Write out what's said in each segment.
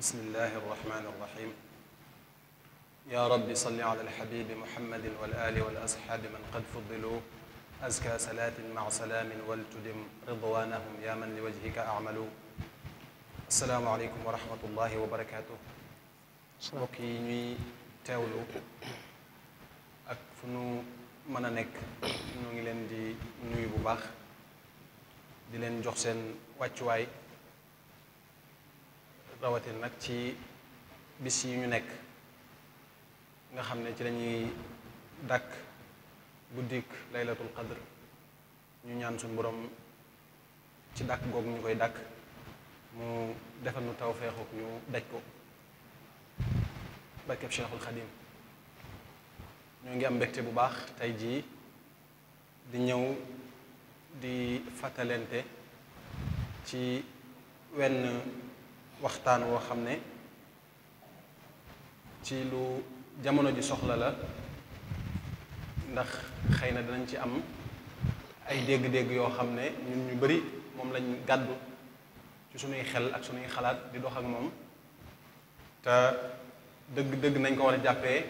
بسم الله الرحمن الرحيم يا رب صل على الحبيب محمد والآل والأصحاب من قد فضلوا أزكى صلاة مع سلام والتدم رضوانهم يا من لوجهك أعمل السلام عليكم ورحمة الله وبركاته mbokk yi ñuy teewlu ak fu nu mën a nekk ñu ngi leen di nuyu bu baax di leen jox seen wàccuwaay rawatin nag ci bis yi ñu nekk nga xam ne ci lañuy dàkk guddik laylatul qadr ñu ñaan suñu borom ci dàkk googu ñu koy dàkk mu defal nu tawfeexu ñu daj ko barkeb Cheikhul Xadim ñoo ngi am mbégte bu baax tey jii di ñëw di fàttalente ci wenn waxtaan woo xam ne ci lu jamono ji soxla la ndax xëy na danañ ci am ay dégg-dégg yoo xam ne ñun ñu bari moom lañu gàddu ci sunuy xel ak sunuy xalaat di dox ak moom te dëgg-dëgg nañ ko war a jàppee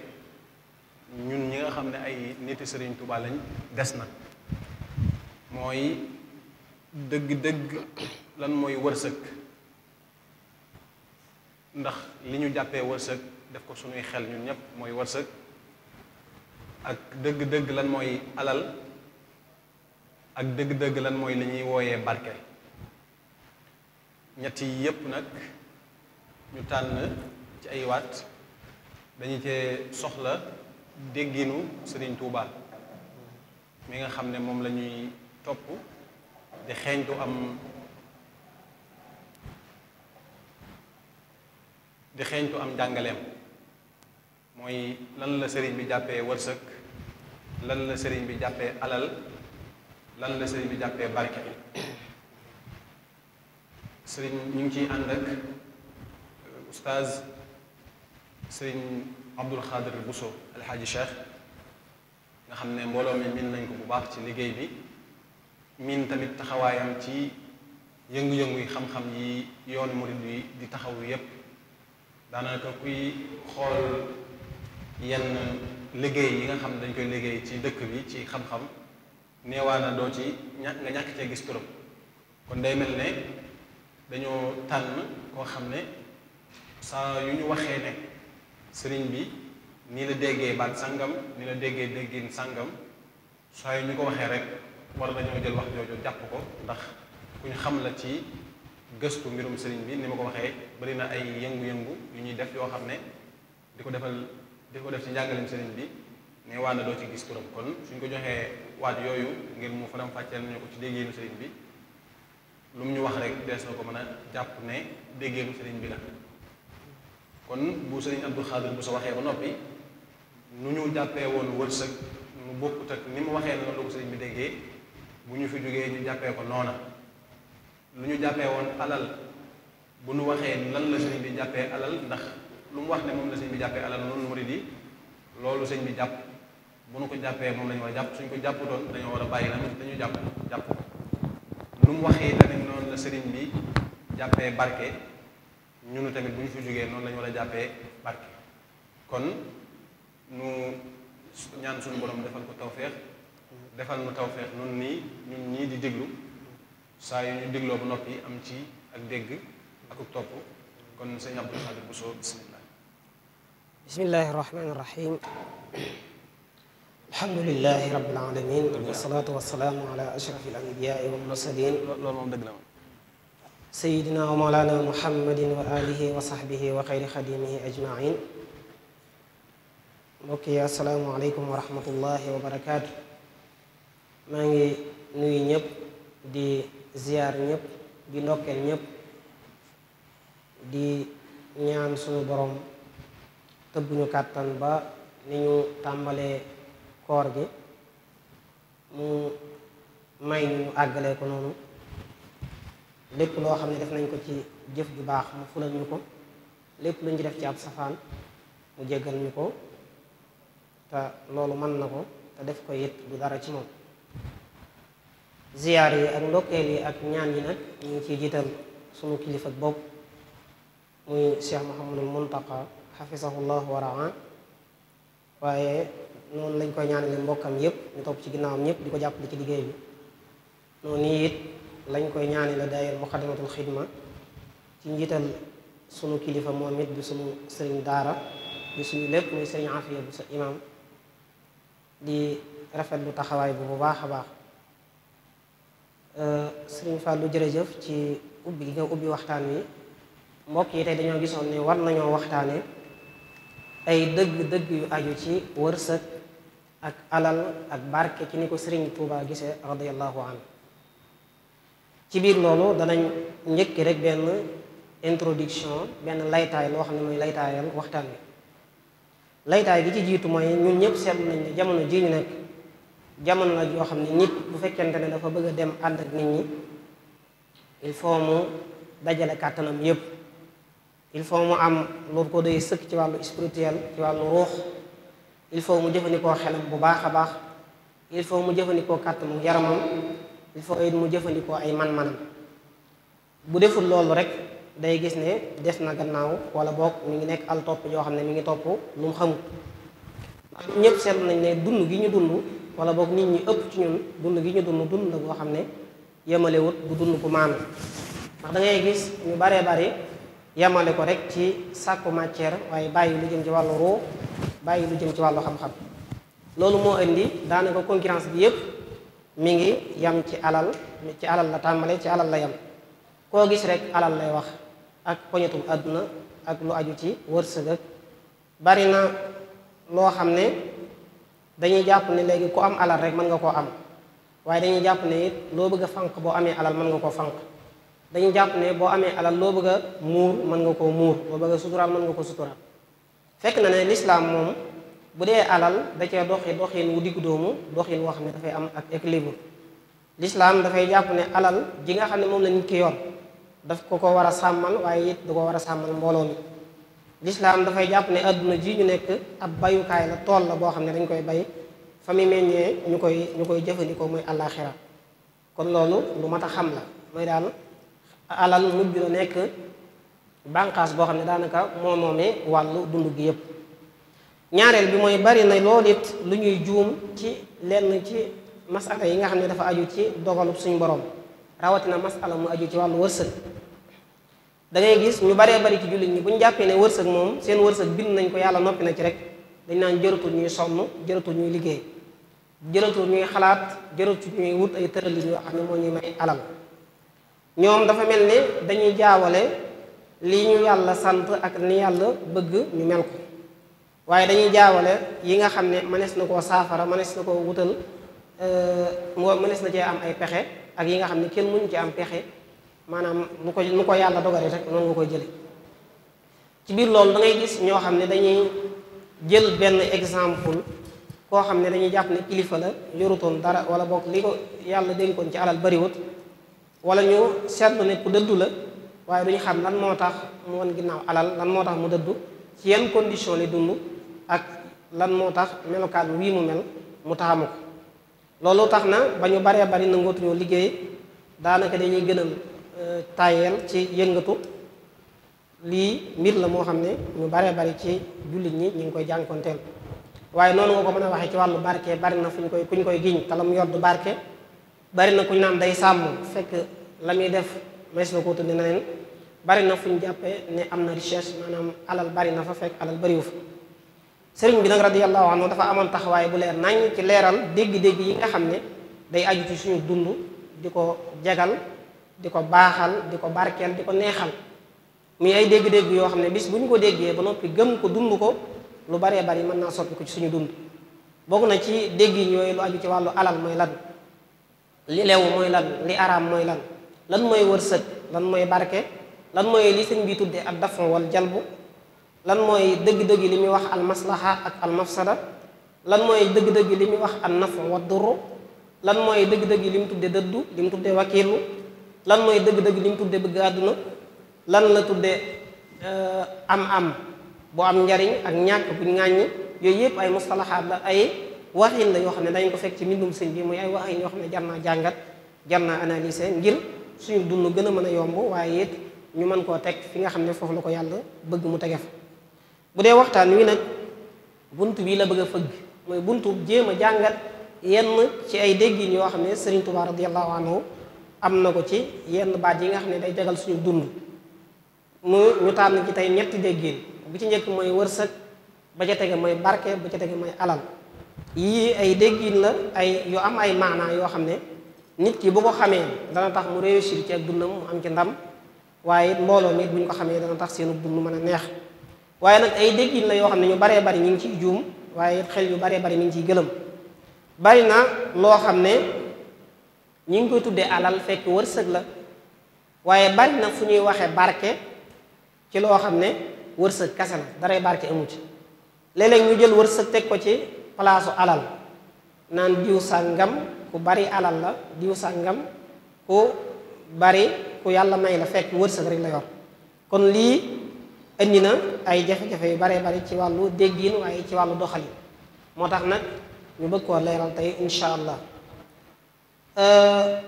ñun ñi nga xam ne ay niti Sëriñ Tuubaa lañ des na mooy dëgg-dëgg lan mooy wërsëg ndax li ñu jàppee wërsëg def ko suñuy xel ñun ñëpp mooy wërsëg ak dëgg-dëgg lan mooy alal ak dëgg-dëgg lan mooy li ñuy wooyee barke ñetti yi yépp nag ñu tànn ci ay wat dañu cee soxla dégginu Sëriñ Tuubaa mi nga xam ne moom lañuy topp di xeeñtu am di xeeñtu am jàngaleem mooy lan la sëriñ bi jàppee wërsëg lan la sëriñ bi jàppee alal lan la sëriñ bi jàppee barke sëriñ ñu ngi ciy ànd ak euh, oustaz sëriñ Abdul Xaadir Bousso alxaaji Cheikh nga xam ne mbooloo mi miin nañ ko bu baax ci liggéey bi miin tamit taxawaayam ci yëngu-yëngu yi xam-xam yi yoon murid yi di taxaw yépp daanaka kuy xool yenn liggéey yi nga xam ne dañ koy liggéey ci dëkk bi ci xam-xam neewaana doo ci ña nga ñàkk cee gis turam kon day mel ne dañoo tànn koo xam ne sa yu ñu waxee ne sëriñ bi nii la déggee baat sàngam nii la déggee déggin sàngam saa yu ñu ko waxee rek war nañoo jël wax jooju jàpp ko ndax ku xam la ci gëstu mbirum sëriñ bi ni ma ko waxee bari na ay yëngu-yëngu yu ñuy def yoo xam ne di ko defal di ko def ci njàngaleem sëriñ bi ne waa na doo ci gis turam kon suñ ko joxee waat yooyu ngir mu faram fàcceel ñu ko ci déggeenu bi lu ñu wax rek dees na ko mën a jàpp ne déggeenu sëriñ bi la kon bu sëriñ Abdou Khadir bu waxee ba noppi nu ñu jàppee woon wërsëg nu bokkut ak ni mu waxee na loolu ko sëriñ bi déggee bu ñu fi jógee ñu jàppee ko noona lu ñu jàppee woon alal bu nu waxee lan la sëñ bi jàppee alal ndax lu mu wax ne moom la sëñ bi jàppee alal noonu murid yi loolu sëñ bi jàpp bu nu ko jàppee moom la ñu war a jàpp suñ ko jàpputoon dañoo war a bàyyi nag dañu jàpp jàpp ko lu mu waxee tamit noonu la sëriñ bi jàppee barke ñunu tamit bu ñu fi jógee noonu la war a jàppee barke kon nu ñaan suñu borom defal ko tawféex defal nu tawféex noonu nii ñun ñii di déglu saa yu ñu dégloo ba noppi am ci ak dégg ak topp kon sëñ Abdou Khadre Bousso bismillah bismillahi rahmani rahim alhamdulilahi rabbil alamin wasalaatu wasalaamu ala ashraf al anbiyaai wal mursalin loolu moom dëgg la moom sayidina wa mawlana muhammadin wa alihi wa sahbihi wa xayri xadimihi ajmain mbokk yi assalaamu aleykum wa rahmatullahi wa barakaatu maa ngi nuyu ñëpp di ziyaar ñëpp bi ndokkeel ñépp di ñaan suñu boroom borom tëbbuñu kàttan ba ni ñu tàmbalee koor gi mu may ñu àggalee ko noonu lépp loo xam ne def nañ ko ci jëf ju baax mu fulal ñu ko lépp lu ñu ci def ci ab safaan mu jéggal ñu ko te loolu mën na ko te def ko yit du dara ci moom ziyaar yi ak ndokkeel yi ak ñaan yi nag ñu ngi ciy jiital sunu kilifa bopp muy Cheikh Mouhamadul Muntaqa xafisahullah wa raa waaye noonu lañ koy ñaanale mbokkam yépp ñu topp ci ginnaawam ñëpp di ko jàppale ci liggéey bi noonu it lañ koy ñaanale daayira muqaddamatul xidma ci njiital sunu kilifa moom it bi sunu sëriñ daara bi suñu lépp muy sëriñ afiya bu sa imaam di rafetlu taxawaay bu bu baax a baax Euh, sëriñ Fallou jërëjëf ci ubbi gi nga ubbi waxtaan wi mbokk yi tey dañoo gisoon ni war nañoo waxtaane ay dëgg-dëgg yu aju ci wërsëg ak alal ak barke ci ni ko sëriñ Touba gisee radiyallahu anhu ci biir loolu danañ njëkki rek benn introduction benn laytaay loo xam ne mooy laytaayal waxtaan wi laytaay gi ci jiitu mooy ñun ñëpp seetlu nañ ne jamono ji ñu nekk jamono la joo xam ne nit bu fekkente ne dafa bëgg a dem ànd ak nit ñi il faut mu dajale kàttanam yépp il faut mu am loolu ko doy sëkk ci wàllu spirituel ci wàllu ruux il faut mu jëfandikoo xelam bu baax a baax il faut mu jëfandikoo kàttanu yaramam il faut it mu jëfandikoo ay man-manam bu deful loolu rek day gis ne des na gannaaw wala boog mu ngi nekk al topp yoo xam ne mi ngi topp lu mu xamul. ndax ñëpp seetlu nañ ne dund gi ñu dund. wala boog nit ñi ëpp ci ñun dund gi ñu dund dund la boo xam ne yemalewut bu dund bu maanu ndax da gis ñu baree bari yemale ko rek ci sàkku matière waaye bàyyi lu jëm ci wàllu ruu bàyyi lu jëm ci wàllu xam-xam loolu moo indi daanaka concurrence bi yépp mi ngi yam ci alal ci alal la tàmbale ci alal la yem koo gis rek alal lay wax ak poñetum àdduna ak lu aju ci wërsëg ak bari na loo xam ne dañuy jàpp ne léegi ku am alal rek mën nga koo am waaye dañuy jàpp ne it loo bëgg a boo amee alal mën nga koo fànq dañuy jàpp ne boo amee alal loo bëgg a muur mën nga koo muur loo bëgg a suturaal mën nga ko suturaal fekk na ne lislaam moom bu dee alal da cee doxi doxin wu diggu doomu doxin woo xam ne dafay am ak équilibre lislaam dafay jàpp ne alal ji nga xam ne moom la nit ki yoon daf ko ko war a sàmmal waaye it da ko war a sàmmal mbooloo lislaam dafay jàpp ne àdduna ji ñu nekk ab bayukaay la tool la boo xam ne dañ koy bay fa mu ñu koy ñu koy jëfandikoo mooy àllaaxira kon loolu lu mat a xam la mooy daal alal mujj la nekk banqaas boo xam ne daanaka moo moomee wàllu dund gi yépp ñaareel bi mooy bari na lool it lu ñuy juum ci lenn ci masala yi nga xam ne dafa aju ci dogalub suñu borom rawatina masala mu aju ci wàllu wërsëg da gis ñu baree bari ci jullit ñi bu ñu jàppee ne wërsëg moom seen wërsëg bind nañ ko yàlla noppi na ci rek dañ naan jëratul ñuy sonn jëratul ñuy liggéey jëratul ñuy xalaat jëratul ñuy wut ay tëralin yoo xam ne moo ñuy may alal ñoom dafa mel ne dañuy jaawale li ñu yàlla sant ak ni yàlla bëgg ñu mel ko waaye dañuy jaawale yi nga xam ne mënees na koo saafara mënees na koo wutal euh, moo mënees na cee am ay pexe ak yi nga xam ne kenn mënu ci am pexe maanaam mu ko mu ko yàlla dogari rek noonu nga koy jële ci biir loolu da gis ñoo xam ne dañuy jël benn exemple koo xam ne dañuy jàpp ne kilifa la yorutoon dara wala bokk li ko yàlla dénkoon ci alal bariwut wala ñu seetlu ne ku dëddu la waaye duñu xam lan moo tax mu won ginnaaw alal lan moo tax mu dëddu ci yan condition li dund ak lan moo tax melokaan wii mu mel mu taamu ko loolu tax na ba ñu baree bari nangootuñoo liggéey daanaka dañuy gënal tayeel ci yëngatu lii mbir la moo xam ne ñu baree bari ci jullit ñi ñu ngi koy jànkonteel waaye noonu nga ko mën a waxee ci wàllu barke bari na fu ñu koy ku ñu koy giñ te la mu yor du barke bari na ku ñu naan day sàmm fekk la muy def mais la ko tudde na neen bari na fu ñu jàppee ne am na recherche maanaam alal bari na fa fekk alal bariwu fa sëriñ bi nag radiyallahu anhu dafa amoon taxawaay bu leer nañ ci leeral dégg-dégg yi nga xam ne day aju ci suñu dund di ko baaxal di ko barkeel di ko neexal muy ay dégg-dégg yoo xam ne bis bu ñu ko déggee ba noppi gëm ko dund ko lu baree bari mën naa soppi ko ci suñu dund bokk na ci dégg yi lu aju ci wàllu alal mooy lan li lew mooy lan li araam mooy lan lan mooy wërsëg lan mooy barke lan mooy li sëñ bi tuddee ak dafon wal jalbu lan mooy dëgg-dëgg li muy wax al maslaha ak al mafsada lan mooy dëgg-dëgg li muy wax an nafon wa durru lan mooy dëgg li mu tuddee dëddu li mu tuddee wakiilu lan mooy dëgg-dëgg li mu tudde bëgg àdduna lan la tudde euh, am-am boo am njariñ ak ñàkk buñ ŋàññi yooyu yëpp ay mustalahaat la ay waxin la yoo xam ne dañ ko fekk ci mbindum sëñ bi muy ay waxin yoo xam ne jar naa jàngat jar naa analyser ngir suñu dund gën a mën a yomb waaye it ñu mën koo teg fi nga xam ne foofu la ko yàlla bëgg mu tege fa bu dee waxtaan wi nag bunt bii la bëgg a fëgg mooy buntu jéem a jàngat yenn ci ay déggin yoo xam ne sëriñ Tuubaa radiyallahu anhu am na ko ci yenn baat yi nga xam ne day jagal suñu dund mu ñu tànn ci tey ñetti déggin bu ci njëkk mooy wërsëg ba ca tege mooy barke ba ca tegee mooy alal yii ay déggin la ay yu am ay maanaa yoo xam ne nit ki bu ko xamee dana tax mu réussir ci ak dundam mu am ci ndam waaye mbooloo mi bu ñu ko xamee dana tax seenu dund mën a neex waaye nag ay déggin la yoo xam ne ñu baree bari ñu ngi ciy juum waaye it xel yu baree bari mi ngi ciy gëlëm bari na xam ne ñu ngi koy tuddee alal fekk wërsëg la waaye bari na fu ñuy waxee barke ci loo xam ne wërsëg kase la daray barke amu ci léeg ñu jël wërsëg teg ko ci palaasu alal naan diw sàngam ku bari alal la diw sàngam ku bari ku yàlla may la fekk wërsëg rek la yor kon lii indi na ay jafe-jafe yu baree bari ci wàllu déggin waaye ci wàllu doxalin moo tax nag ñu bëgg koo leeral tey incha allah Euh,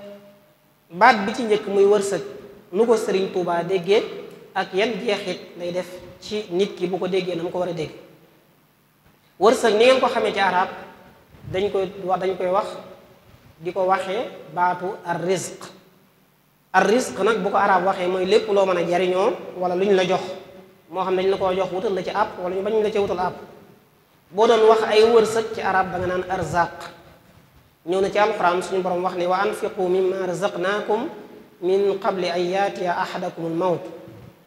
baat bi ci njëkk muy wërsëg nu ko sëriñ Touba déggee ak yan jeexit lay def ci nit ki bu ko déggee na mu ko war a dégg wërsëg ni ngeen ko xamee ci arab dañ koy wax dañ koy wax di ko waxee baatu ar rizq ar rizq nag bu ko arab waxee mooy lépp loo mën a jariñoo wala lu ñu la jox moo xam dañ la koo jox wutal la ci àpp wala ñu bañ la ci wutal àpp boo doon wax ay wërsëg ci arab da nga naan arzaq ñëw na ci alquran suñu borom wax ne wa anfiqu mimma razaqnaakum min qabli an yaatiya ahadakum al mawt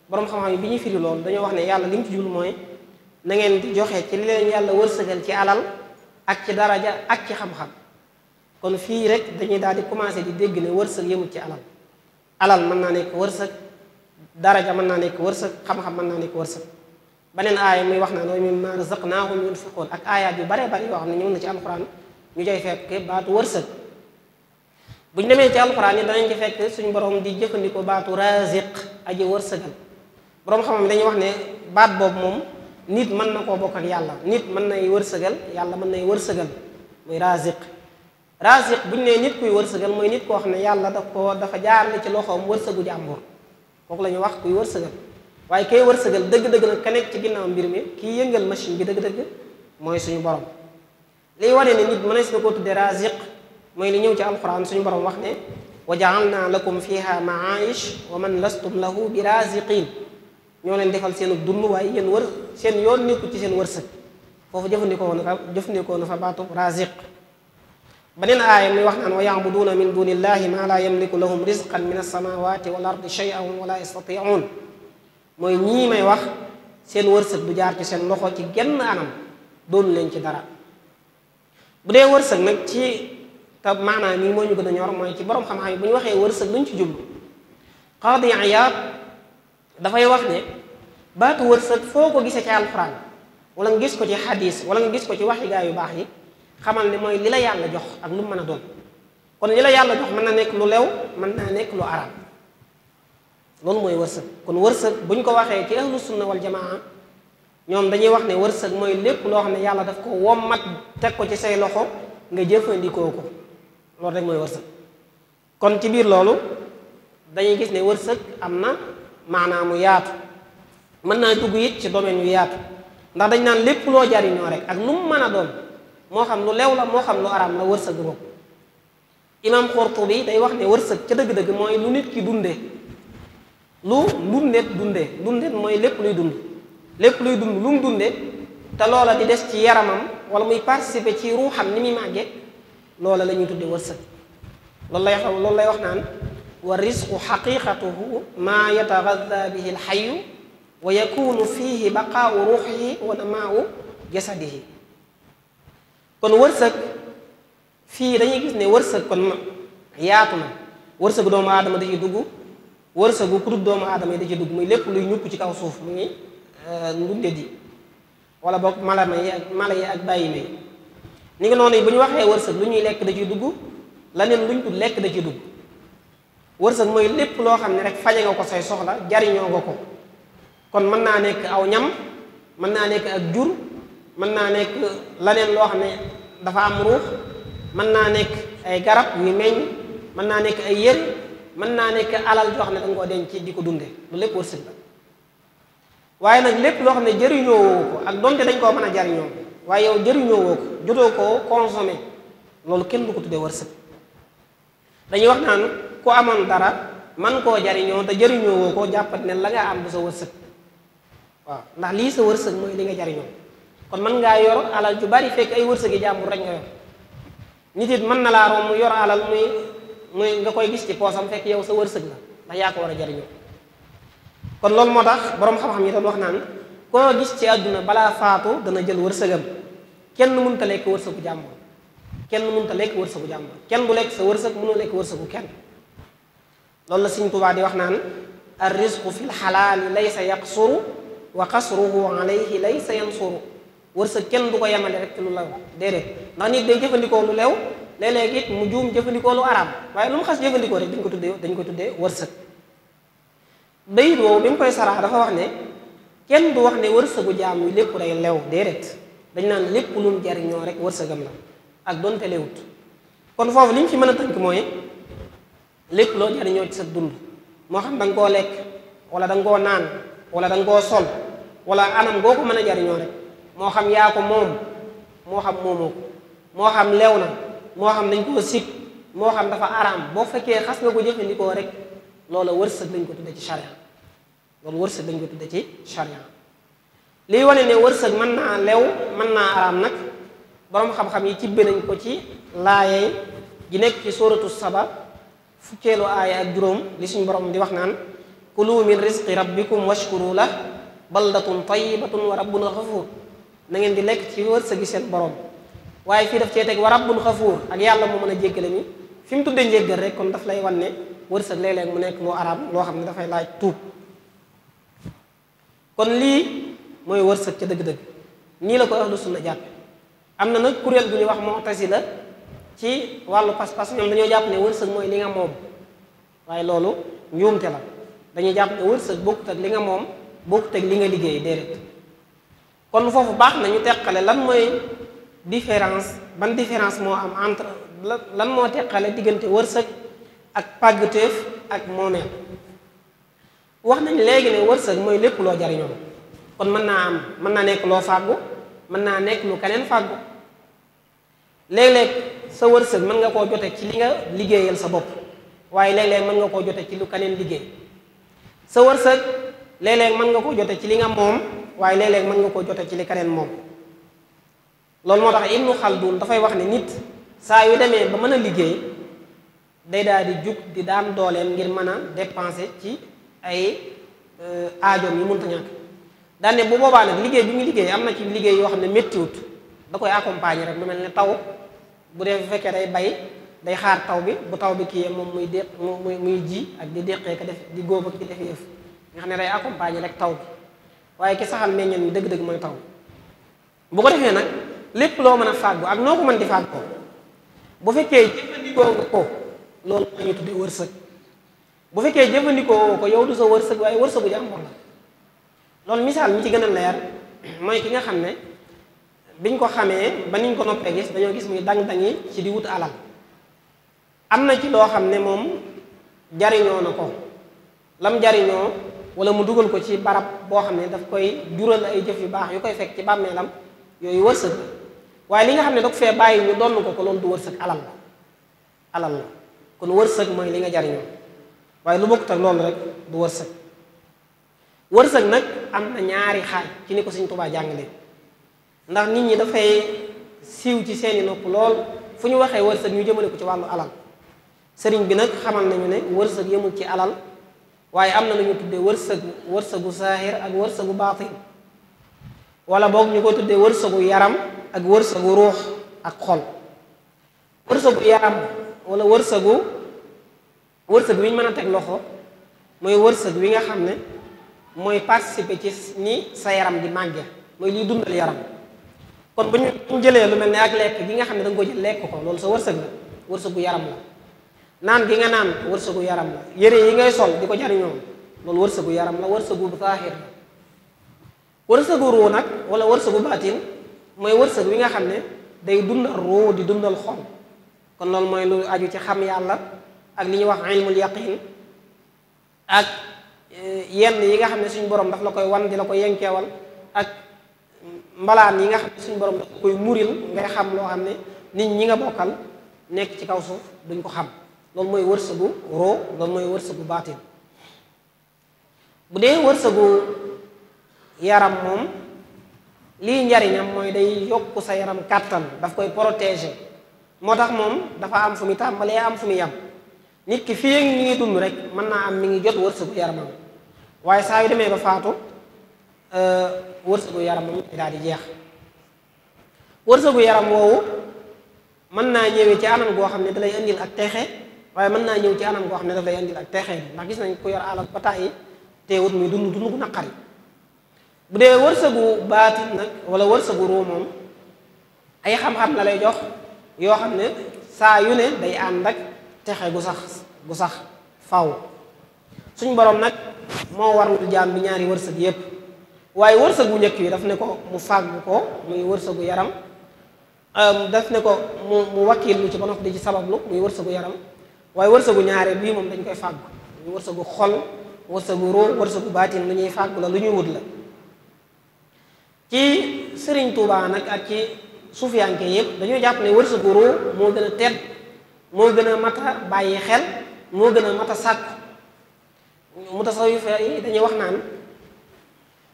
borom xam-xam yi bi ñuy firi loolu dañoo wax ne yàlla li mu ci jul mooy na ngeen di joxe ci li leen yàlla wërsëgal ci alal ak ci daraja ak ci xam-xam kon fii rek dañuy daal di commencé di dégg ne wërsëg yëmut ci alal alal mën naa nekk wërsëg daraja mën naa nekk wërsëg xam-xam mën naa nekk wërsëg beneen aaya muy wax naa nooy mimma razaqnaahum yunfiqoon ak aayaat yu baree bari yoo xam ne ñëw na ci alquran ñu cay fekk baatu wërsëg bu ñu demee ci alxuraan yi danañ ci fekk suñu boroom di jëfandikoo baatu raziq aji wërsëgal borom xam-xam dañuy wax ne baat boobu moom nit mën na koo bokk ak yàlla nit mën nay wërsëgal yàlla mën nay wërsëgal mooy raziq raziq bu ñu nee nit kuy wërsëgal mooy nit koo xam ne yàlla daf ko dafa jaarale ci loxoom wërsëgu jàmbur kooku la ñu wax kuy wërsëgal waaye kay wërsëgal dëgg-dëgg nag ka ci ginnaaw mbir mi kii yëngal machine bi dëgg-dëgg mooy suñu borom liy wane ne nit mënees na tu tudde raziq mooy li ñëw ci alquran suñu borom wax ne wa jaalna lakum fiha maaish wa man lastum lahu bi raziqin ñoo leen defal seenu dund waaye yéen seen yoon nekku ci seen wërsëg foofu jëfandikoo na fa jëfandikoo na fa baatu raziq beneen aaya muy wax naan wa yaabuduuna min duni illahi ma la yamliku lahum rizqan min alsamawati wal ardi cheyan wala yastatiun mooy ñii may wax seen wërsëg du jaar ci seen loxo ci genn anam doonu leen ci dara bu dee wërsëg nag ci te maanaam nii moo ñu gën a ñor mooy ci borom xam-xam yi bu ñu waxee wërsëg luñ ci jublu Qaadi Iyaad dafay wax ne baatu wërsëg foo ko gisee ci alxuraan wala nga gis ko ci xadis wala nga gis ko ci waxi gaa yu baax yi xamal ne mooy li la yàlla jox ak lu mu mën a doon kon li la yàlla jox mën na nekk lu lew mën naa nekk lu araam loolu mooy wërsëg kon wërsëg bu ñu ko waxee ci ahlu sunna wal ñoom dañuy wax ne wërsëg mooy lépp loo xam ne yàlla daf ko wommat teg ko ci say loxo nga jëfandikoo ko loolu rek mooy wërsëg kon ci biir loolu dañuy gis ne wërsëg am na maanaamu yaatu mën naa dugg it ci domaine yu yaatu ndax dañ naan lépp loo jariñoo rek ak lu mu mën a doon moo xam lu lew la moo xam lu araam la wërsëg boobu imam Xurtubi day wax ne wërsëg ca dëgg-dëgg mooy lu nit ki dunde lu lu dunde lu mooy lépp luy dund lépp luy dund lu mu dunde te loola di des ci yaramam wala muy participer ci ruuxam ni muy màgge loola la ñuy wërsëg loolu lay loolu lay wax naan wa risqu xaqiqatuhu maa yatagadda bihi alxayu wa yakunu fihi baqaau ruuxihi wa namaau jasadihi kon wërsëg fii dañuy gis ne wërsëg kon yaatu na wërsëgu doomu aadama da ci dugg wërsëgu ku dul doomu aadama yi da dugg muy lépp luy ñukk ci kaw suuf mu ngi Euh, ngundé di wala boog malama yi ak mala yi ak bàyyi ma ni nga noonu bu ñu waxee wërsëg lu ñuy lekk da ciy dugg laneen luñ dul lekk da ciy dugg wërsëg mooy lépp loo xam ne rek faje nga ko say soxla jariñoo nga ko kon mën naa nekk aw ñam mën naa nekk ak jur mën naa nekk laneen loo xam ne dafa am ruux mën naa nekk ay garab yu meññ mën naa nekk ay yër mën naa nekk alal joo xam ne danga koo denc di ko dunde lu lépp wërsëg la waaye nag lépp loo xam ne jariñoo woo ko ak donte dañ koo mën a jariñoo waaye yow jariñoo woo ko jotoo koo consommé loolu kenn du ko tuddee wërsëg dañuy wax naan ku amoon dara man koo jariñoo te jëriñoo woo ko jàppat la nga am bu sa wërsëg waaw ndax lii sa wërsëg mooy li nga jariñoo kon mën ngaa yor alal ju bari fekk ay wërsëg yi jàmbur rek nga yor nit it mën na laa romb mu yor alal muy nga koy gis ci poosam fekk yow sa wërsëg la ndax yaa ko war a jariñoo kon loolu moo tax boroom xam-xam ni doon wax naan koo gis ci àdduna balaa faatu dana jël wërsëgam kenn mënta lekk wërsëgu jàmbur kenn mënta lekk wërsëgu jàmbur kenn bu lekk sa wërsëg mënoo lekk wërsëgu kenn loolu la Sëñ Tuubaa di wax naan ar risqu fi lxalaali laysa yaqsuru wa qasruhu alayhi laysa yansuru wërsëg kenn du ko yemale rek lu law déedéet ndax nit day jëfandikoo lu lew léeg-léeg it mu juum jëfandikoo lu araam waaye lu mu xas jëfandikoo rek dañ ko tuddee dañ ko tuddee wërsëg bayit woowu bi mu koy sarax dafa wax ne kenn du wax ne wërsëgu jaam wi lépp day lew déedéet dañ naan lépp lu mu jariñoo rek wërsëgam la ak donte lewut kon foofu li ñu ci mën a tënk mooy lépp loo jariñoo ci sa dund moo xam danga koo lekk wala da koo naan wala danga koo sol wala anam goo ko mën a jariñoo rek moo xam yaa ko moom moo xam moomoo ko moo xam lew na moo xam dañ koo sib moo xam dafa araam boo fekkee xas nga ko jëfandikoo rek loola wërsëg lañ ko tudde ci charia loolu wërsëg lañ ko tudde ci charia liy wane ne wërsëg mën naa lew mën naa araam nag boroom xam-xam yi cibbi nañ ko ci laayee ji nekk ci sooratu saba fukkeelu aaya ak juróom li suñ borom di wax naan kulu min rizqi rabbikum washkuru la baldatun tayyibatun wa rabbun xafuur na ngeen di lekk ci wërsëgi seen borom waaye fii daf cee teg wa rabbun xafuur ak yàlla moo mën a jéggale ni fi mu tuddee njéggal rek kon daf lay wan ne wërsëg léeg-léeg mu nekk lu araam loo xam ne dafay laaj tuub kon lii mooy wërsëg ca dëgg-dëgg nii la ko ahlu sunna jàppe am na na kuréel gu ñuy wax moo mu'tazila ci wàllu pas-pas ñoom dañoo jàpp ne wërsëg mooy li nga moom waaye loolu njuumte la dañuy jàpp ne wërsëg bokkut ak li nga moom bokkut ak li nga liggéey déedéet kon foofu baax na ñu teqale lan mooy différence ban différence moo am entre lan moo teqale diggante wërsëg ak pàggateef ak moomeel wax nañ léegi ne wërsëg mooy lépp loo jariñoo kon mën naa am mën naa nekk loo fàggu mën naa nekk lu kaneen fàggu léeg-léeg sa wërsëg mën nga koo jote ci li nga liggéeyal sa bopp waaye léeg mën nga koo jote ci lu liggéey sa wërsëg léeg-léeg mën nga koo jote ci li nga moom waaye léeg-léeg mën nga koo jote ci li keneen moom loolu moo tax it mu xal Xaldun dafay wax ne nit saa yu demee ba mën a liggéey day daal di jug di daan dooleem ngir mën a dépenser ci ay euh, aajoom yi mënta ñàkk daal ne bu boobaa nag liggéey bi muy liggéey am na ci liggéey yoo xam ne méttiwut da koy accompagner rek lu mel ne taw bu dee fekkee day bay day xaar taw bi bu taw bi kii moom muy déq muy muy ji ak di déqee ko def di góob ak di def yëf nga ne day accompagner rek taw bi waaye ki saxal meññeen mi dëgg-dëgg mooy taw bu ko defee nag lépp loo mën a fàggu ak noo ko mën di fàgg ko bu fekkee jëfandikoo nga ko loolu la ñuy bu fekkee jëfandikoo ko yow wërsëg waaye wërsëgu jàmbur loolu misaal mi ci gën a leer mooy ki nga xam ne biñ ko xamee ba ko noppee gis dañoo gis muy dang-dangi ci di alal am na ci loo xam ne moom jariñoo na ko lam jariñoo wala mu dugal ko ci barab boo xam ne daf koy jural ay jëf yu baax yu koy fekk ci bàmmeelam yooyu wërsëg la waaye li nga xam ne da ko fee bàyyi ñu donn ko ko loolu du wërsëg alal la alal la kon wërsëg mooy li nga jariñoo waaye lu bokkut ak loolu rek du wërsëg wërsëg nag am na ñaari xaaj ci ni ko Sëñ Tuubaa jàngale ndax nit ñi dafay siiw ci seeni nopp lool fu ñu waxee wërsëg ñu jëmale ko ci wàllu alal sëriñ bi nag xamal nañu ne wërsëg yemul ci alal waaye am na lu ñu tuddee wërsëgu wërsëgu saahir ak wërsëgu baatin wala boog ñu koy tuddee wërsëgu yaram ak wërsëgu ruux ak xol wërsëgu yaram wala wërsëgu wërsëg wi ñu mën a teg loxo mooy wërsëg wi nga xam ne mooy participer ci ni sa yaram di màgge mooy liy dundal yaram kon bu ñu jëlee lu mel ne ak lekk gi nga xam ne da ko jël lekk ko loolu sa wërsëg la wërsëgu yaram la naan gi nga naan wërsëgu yaram la yi ngay sol di ko jariñoo loolu wërsëgu yaram la wërsëgu zaahir la wërsëgu ruu nag wala wërsëgu baatin mooy wërsëg wi nga xam ne day dundal ruu di dundal xol kon loolu mooy lu aju ci xam yàlla ak li ñuy wax ilmul yaqin ak eh, yenn yi nga xam ne suñu borom daf la koy wan di la ko yenkeewal ak mbalaan yi nga xam ne suñu borom daf koy muril ngay xam loo xam ne nit ñi nga bokkal nekk ci kaw suuf duñ ko xam loolu mooy wërsëgu roo loolu mooy wërsëgu baatin bu dee wërsëgu yaram moom lii njariñam mooy day yokk sa yaram kàttan daf koy protéger moo tax moom dafa am fu muy tàmbalee am fu muy yam nit ki fii ñu ngi dund rek mën naa am mi ngi jot wërsëgu yaramam waaye saa yu demee ba faatu euh, wërsëgu yaramam daal di jeex wërsëgu yaram woowu mën naa ñëwee ci anam goo xam ne dalay indil ak texe waaye mën naa ñëw ci anam goo xam ne daf lay indil ak texe ndax gis nañ ku yor alal ba tàyyi teewut muy dund dund gu naqari bu dee wërsëgu baatin nag wala wërsëgu ruu moom ay xam-xam la lay jox yoo xam ne saa yu ne day ànd ak texe gu sax gu sax faw suñ borom nag moo warlu jaam bi ñaari wërsëg yépp waaye wërsëg bu njëkk bi daf ne ko mu fàggu ko muy wërsëgu yaram daf ne ko mu mu wakiil lu ci ba noppi ci sabablu muy wërsëgu yaram waaye wërsëgu ñaare bii moom dañ koy fàggu muy wërsëgu xol wërsëgu róo wërsëgu baatin lu ñuy fàggu la lu ñuy wut la ci Sëriñ Tuubaa nag ak ci suufiyanke yëpp dañoo jàpp ne wërsëgu ruux moo gën a tedd moo gën a mat bàyyi xel moo gën a mat a sàkku mu tasawuf yi dañuy wax naan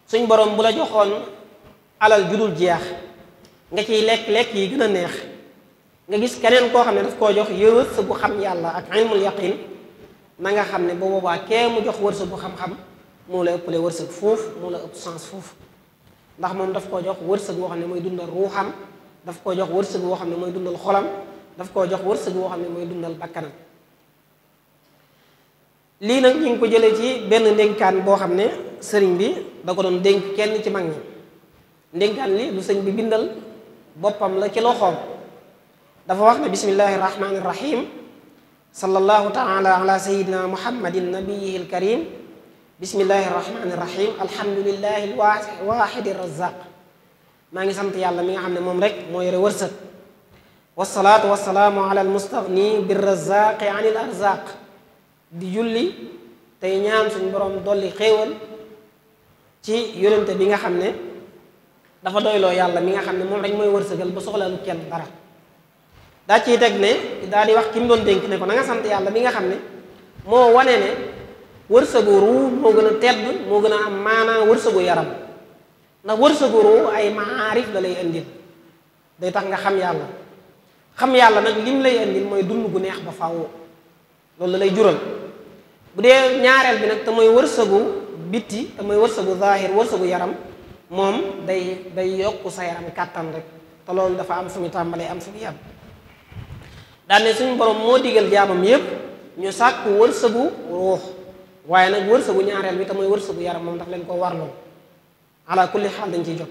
suñ borom bu la joxoon alal judul jeex nga ciy lekk lekk yi gën a neex nga gis keneen koo xam ne daf koo jox yow wërsëg xam yàlla ak ilmul yaqin na nga xam ne ba boobaa kee mu jox wërsëg bu xam-xam moo la ëpp ëppale wërsëg foofu moo la ëpp sens foofu ndax moom daf koo jox wërsëg boo xam ne mooy dundal ruuxam daf koo jox wërsëg woo xam ne mooy dundal xolam daf koo jox wërsëg woo xam ne mooy dundal bakkanam lii nag ñi ngi ko jëlee ci benn ndénkaan boo xam ne sëriñ bi da ko doon dénk kenn ci mag ñi ndénkaan li lu sëñ bi bindal boppam la ci loxoom dafa wax ne bismillahi rahmani rahim sallallahu taala ala sayidina muhammadin nabiyihi alkarim bismillahi rahmani rahim alhamdulillahi alwaxidi razaq maa ngi sant yàlla mi nga xam ne moom rek moo yore wërsëg wasalaatu wasalaamu ala almustagni bi razaqi an il arzaq di julli tey ñaan suñ borom dolli xéewal ci yonente bi nga xam ne dafa doyloo yàlla mi nga xam ne moom rek mooy wërsëgal ba soxlaalu kenn dara daa ciy teg ne daa di wax ki mu doon dénk ne ko na nga sant yàlla mi nga xam ne moo wane ne wërsëgu ruu moo gën a tedd moo gën a am maanaa wërsëgu yaram ndax wërsëgu ruux ay maarif la lay indil day tax nga xam yàlla xam yàlla nag lim lay indil mooy dund gu neex ba faw loolu la lay jural bu dee ñaareel bi nag te mooy wërsëgu bitti te mooy wërsëgu zahir wërsëgu yaram moom day day yokk sa yaram kàttan rek te loolu dafa am fu tàmbalee am fu mu yàgg daal ne suñu borom moo digal jaamam yépp ñu sàkku wërsëgu ruux waaye nag wërsëgu ñaareel bi te mooy wërsëgu yaram moom daf leen ko warloo ala kulli xaal dañ ciy jot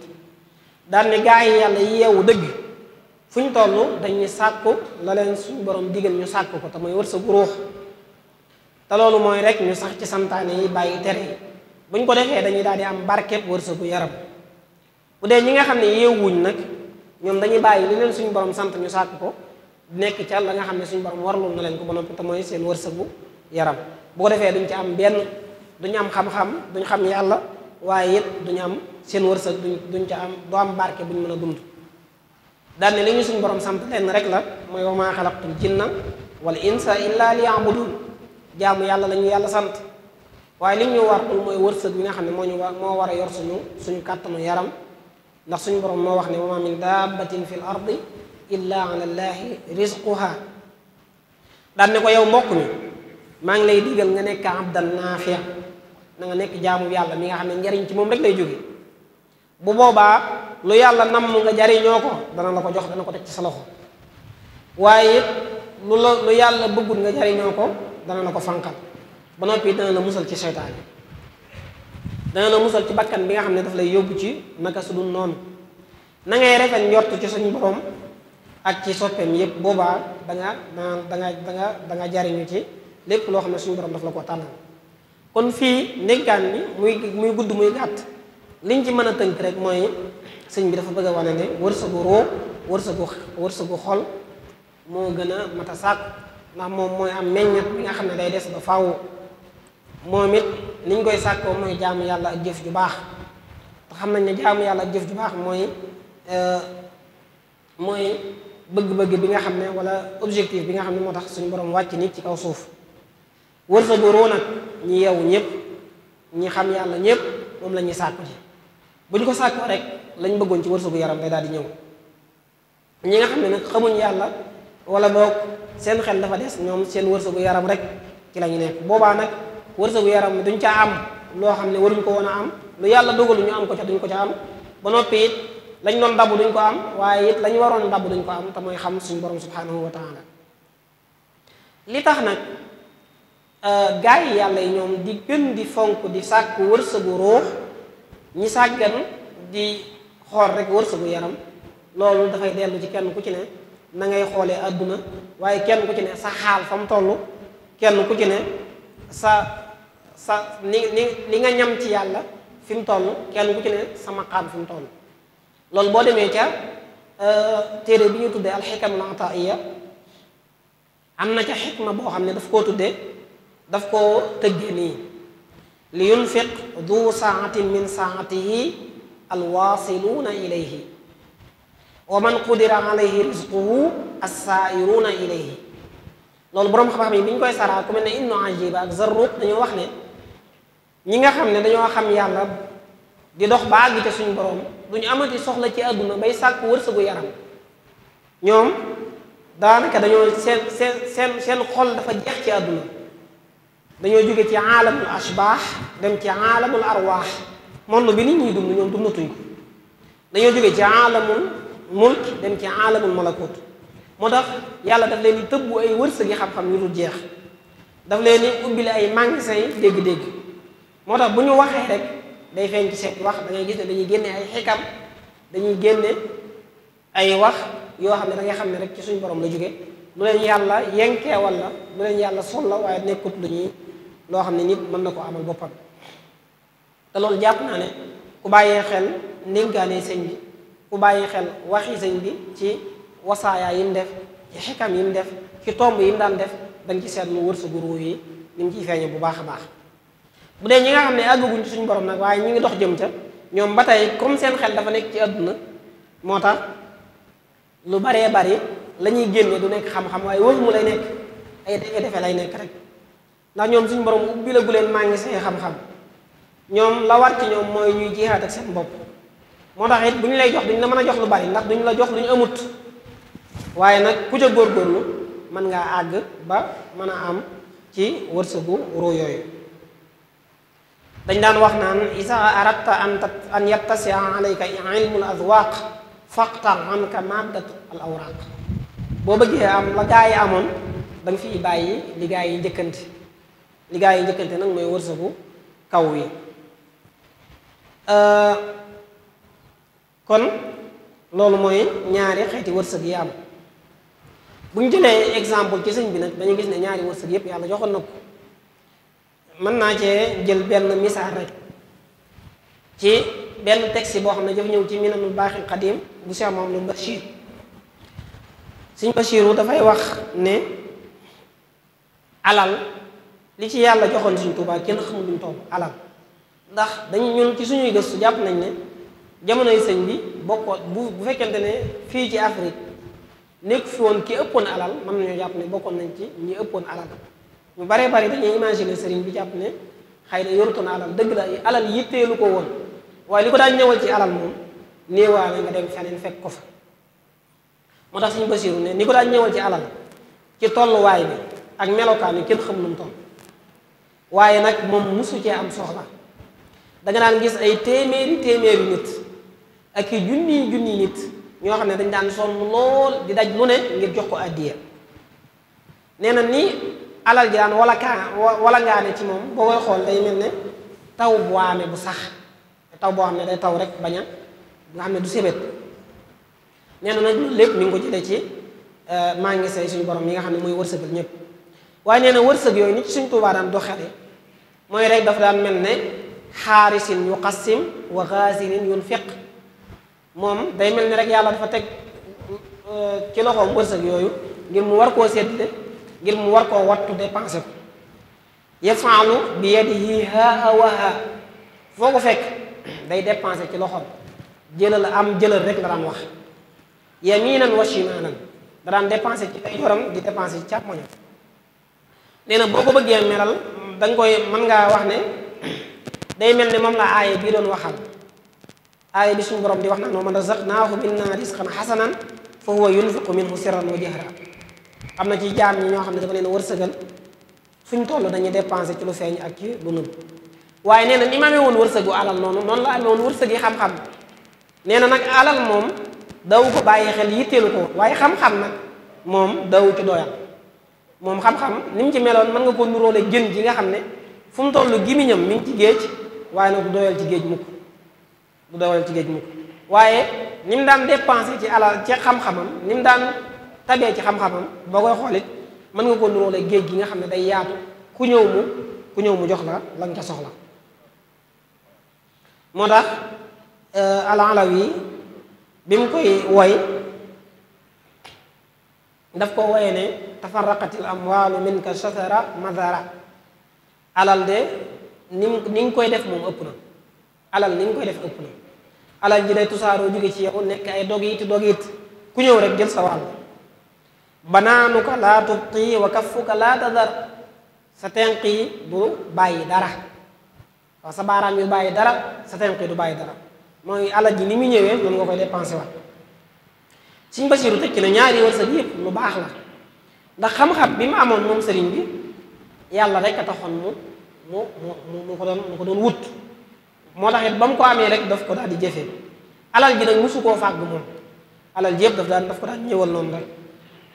daal ne gaa yi yàlla yeewu dëgg fu ñu toll dañuy sàkku la leen suñu borom digal ñu sàkk ko te mooy wërsëgu ruux te loolu mooy rek ñu sax ci santaane yi bàyyi tere yi bu ñu ko defee dañuy daal di am barkeb wërsëgu yaram bu dee ñi nga xam ne yeewuñ nag ñoom dañuy bàyyi li leen suñu borom sant ñu sàkk ko nekk ca la nga xam ne suñ borom warlul na leen ko ba noppi te mooy seen wërsëgu yaram bu ko defee duñ ci am benn duñ am xam-xam duñ xam yàlla. waaye it duñu am seen wërsëg du duñ ca am du am barke buñ mën a dund daal ne li ñu suñ borom sant leen rek la mooy wa maa xalaqtul jinna wal insa illa liya'budun jaamu yàlla la yàlla sant waaye li ñu war mooy wërsëg bi nga xam ne moo ñu war moo war a yor suñu suñu kàttanu yaram ndax suñu borom moo wax ne wa maa min dabbatin fil ardi illa ala llahi rizquha daal ne ko yow mbokk mi maa ngi lay digal nga nekk abdan naafiya na nga nekk jaamu yàlla mi nga xam ne njariñ ci moom rek lay jóge bu boobaa lu yàlla namm nga jariñoo ko dana la ko jox dana ko teg ci sa loxo waaye lu la lu yàlla bëggul nga jariñoo ko dana la ko fanqal ba noppi dana la musal ci seytaan yi dana la musal ci bakkan bi nga xam ne daf lay yóbbu ci naka su dul noonu na ngay rafet njort ci suñu borom ak ci soppeem yépp boobaa da nga da da nga da jariñu ci lépp loo xam ne suñu borom daf la ko tànnal kon fii ndénkaan bi muy muy gudd muy gàtt liñ ci mën a tënk rek mooy sëñ bi dafa bëgg a wane ne wërsëgu roo wërsëgu wërsëgu xol moo gën a mat a sàkk ndax moom mooy am meññat bi nga xam ne day des ba faaw moom it liñ koy sàkkoo mooy jaamu yàlla ak jëf ju baax te xam nañ ne jaamu yàlla ak jëf ju baax mooy euh, mooy bëgg-bëgg bi nga xam ne wala objectif bi nga xam ne moo tax suñu borom wàcc nit ci kaw suuf. wërsëgu nag ñi yew ñëpp ñi xam yàlla ñëpp moom la ñuy sàkku ji bu ñu ko sàkkoo rek lañ bëggoon ci wërsëgu yaram day daal di ñëw ñi nga xam ne nag xamuñ yàlla wala boog seen xel dafa des ñoom seen wërsëgu yaram rek ci la ñu nekk boobaa nag wërsëgu yaram duñ ca am loo xam ne waruñ ko woon a am lu yàlla lu ñu am ko ca duñ ko ca am ba noppi it lañ doon dabb duñ ko am waaye it lañ waroon dabb duñ ko am te mooy xam suñ borom subhanahu wa taala li Euh, gaay yi yàlla yi ñoom di gën di fonk di sàkku wërsëgu ruux ñi sàggan di xool rek wërsëgu yaram loolu dafay dellu ci kenn ku ci ne na ngay xoolee àdduna waaye kenn ku ci ne sa xaal fa mu toll kenn ku ci ne sa sa ni ni li nga ñam ci yàlla fi mu toll kenn ku ci ne sa maqaam fi mu loolu boo demee ca euh, téere bi ñu tuddee alxikamul ataiya am na ca ma boo xam ne dafa koo tuddee daf koo tëggee nii li yunfiq du saatin min saatihi alwaasiluuna ilayhi wa man qudira alayhi rizquhu assaairuna ilayhi loolu borom xam-xam yi bi ñu koy saraa ku mel na ibnu ajiba ak zarruq dañoo wax ne ñi nga xam ne dañoo xam yàlla di dox ba àgg te suñu borom duñu amati soxla ci àdduna bay sàkk sagu yaram ñoom daanaka dañoo seen seen seen xol dafa jeex ci àdduna dañoo jóge ci aalamul ashbaax dem ci aalamul arwaax monde bi nit ñuy dund ñoom dundatuñ ko dañoo jóge ci aalamul mulk dem ci aalamul malakut moo tax yàlla daf leen di tëbbu ay wërsëg yi xam-xam yu dul jeex daf leen di ubbi la ay magasin yi dégg-dégg moo tax bu ñu waxee rek day feeñ ci wax dangay ngay gis ne dañuy génne ay xikam dañuy génne ay wax yoo xam ne da ngay xam ne rek ci suñ borom la jóge lu leen yàlla yenkeewal la lu leen yàlla sol la waaye nekkut lu loo xam ne nit mën na koo amal boppam te loolu jàpp naa ne ku bàyyee xel ndénkaane sëñ bi ku bàyyi xel waxi sëñ bi ci wasaaya yi mu def ci xikam yi def ci tomb yi mu daan def dañ ci seetlu wërsëgu ruu yi ni ciy feeñe bu baax a baax bu dee ñi nga xam ne àggaguñ ci suñu borom nag waaye ñu ngi dox jëm ca ñoom ba tey comme seen xel dafa nekk ci àdduna moo tax lu baree bari la ñuy génne du nekk xam-xam waaye wër mu lay nekk ay defe-defe lay nekk rek ndax ñoom suñu borom ubbi la gu leen maa ngi seen xam-xam ñoom la war ci ñoom mooy ñuy jihaat ak seen bopp moo tax it bu ñu lay jox duñ la mën a jox lu bari ndax duñ la jox lu ñu amut waaye nag ku ca góorgóorlu mën ngaa àgg ba mën a am ci wërsëgu ruu yooyu dañ daan wax naan isa aradta an an yattasia alayka ilmul azwaq faqta anka maddat al boo bëggee am la gaa yi amoon da nga bàyyi li yi njëkkante li yi njëkkante nag mooy wërsëgu kaw yi euh, kon loolu mooy ñaari xeeti wërsëg yi am bu ñu jëlee exemple ci sëñ bi nag dañu gis ne ñaari wërsëg yépp yàlla joxoon na ko mën naa cee jël benn misaal rek ci benn texte boo xam ne daf ñëw ci minanul baaxil xadim bu moom Mamadou Bachir sëñ Bachiru dafay wax ne alal li ci yàlla joxoon suñ Tuubaa kenn xamul lu mu toll alal ndax dañu ñun ci suñuy gëstu jàpp nañ ne jamonoy sëñ bi bokkoo bu bu fekkente ne fii ci Afrique nekk fi woon ki ëppoon alal mën nañoo jàpp ne bokkoon nañ ci ñi ëppoon alal ñu baree bari dañuy imaginer sëriñ bi jàpp ne xëy na yorutoon alal dëgg la alal yitteelu ko woon waaye li ko daan ñëwal ci alal moom néewaa na nga dem feneen fekk ko fa moo tax suñu Basiiru ne ni ko daal ñëwal ci alal ci tolluwaay bi ak melokaanu kenn xam lu waaye nag moom musu cee am soxla danga daan gis ay téeméeri téeméeri nit ak i junniy junniy nit ñoo xam ne dañ daan sonn lool di daj lu ne ngir jox ko addiya nee na ni alal ji daan wala ci moom boo xool day mel ne taw bu waame bu sax taw boo xam ne day taw rek bañ a xam ne du sebet nee na nag lépp mi ngi ko jëlee ci eh, maa ngi say suñu borom yi nga xam ne mooy wërsëgal ñëpp waaye nee na wërsëg yooyu nit suñ Tuubaa daan doxale mooy rey dafa daan mel ne xaarisin yu xassim wa xaasinin yunfiq moom day mel ni rek yàlla dafa teg euh, ci loxo wërsëg yooyu ngir mu war koo séddale ngir mu war koo wattu dépensé ko yafaalu bi yadihi haa wa haa foo ko fekk day dépensé ci loxoom jëlal am jëlal rek la daan wax yaminan wa shimaanan da daan dépensé ci ay joram di dépensé ci càmmoñam nee na boo ko bëggee melal danga koy mën ngaa wax ne day mel ne moom la aaye bii doon waxal aaya bi suñu borom di wax naan wa man razaqnaahu naa rizqan hasanan fa huwa yunfiqu minhu sirran wa jahran am na ci jaam ñi ñoo xam ne dafa leen wërsëgal fuñ toll dañuy dépensé ci lu feeñ ak ci lu nëbb waaye nee na ni ma amee woon wërsëgu alal noonu noonu la amee woon wërsëg yi xam-xam nee na nag alal moom daw ko bàyyi xel yitteelu ko waaye xam-xam nag moom daw ci doyal moom xam-xam ni mu ci meloon mën nga koo nuróole jën ji nga xam ne fu mu toll gimiñam mi ngi ci géej waaye nag du doyal ci géej mukk du doyal ci géej mukk waaye ni mu daan dépensé ci alal ci xam-xamam ni mu daan tabee ci xam-xamam boo koy xoolit mën nga koo nuróole géej gi nga xam ne day yaatu ku ñëw mu ku ñëw mu jox la la nga ca soxla moo tax euh, al Alawi bi mu koy woy daf ko woye ne am amwaalu minka satara madara alal de ni ni nga koy def moom ëpp na alal ni nga koy def ëpp na alal ji day tusaaroo jóge ci yow nekk ay dog it dog it ku ñëw rek jël sa wàll banaanuka laa tubqi wa kaffuka laa tadar sa tenq yi du bàyyi dara waa sa baaraam yu bàyyi dara sa tenq yi du bàyyi dara mooy alal ji ni mu ñëwee noonu nga koy dépensé waat suñ basiru tëj ci na ñaari wërsëg yëpp lu baax la ndax xam-xam bi mu amoon moom sëriñ bi yàlla rek a taxoon mu mu mu mu ko doon ko doon wut moo tax it ba mu ko amee rek daf ko daal di jëfee alal ji nag musu koo fàgg moom alal yëpp daf daan daf ko daan ñëwal noonu rek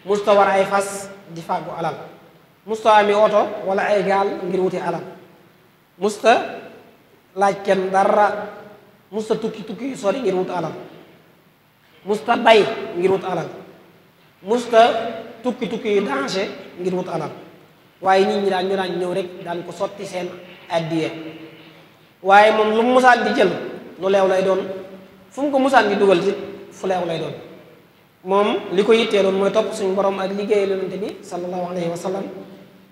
musta war ay fas di fàggu alal musta ami oto wala ay gaal ngir wuti alal musta laaj kenn dara musta tukki tukki yu ngir wut alal musta bay ngir wut alal musta tukki tukki yu danger ngir wut alal waaye nit ñi daal ñu daan ñëw rek daan ko sotti seen addiye waaye moom lu mu musaan di jël lu leew lay doon fu mu ko musaan di dugal ci fu leew lay doon moom li ko yittee doon mooy topp suñu borom ak liggéey yonente bi sallallahu alayhi wa sallam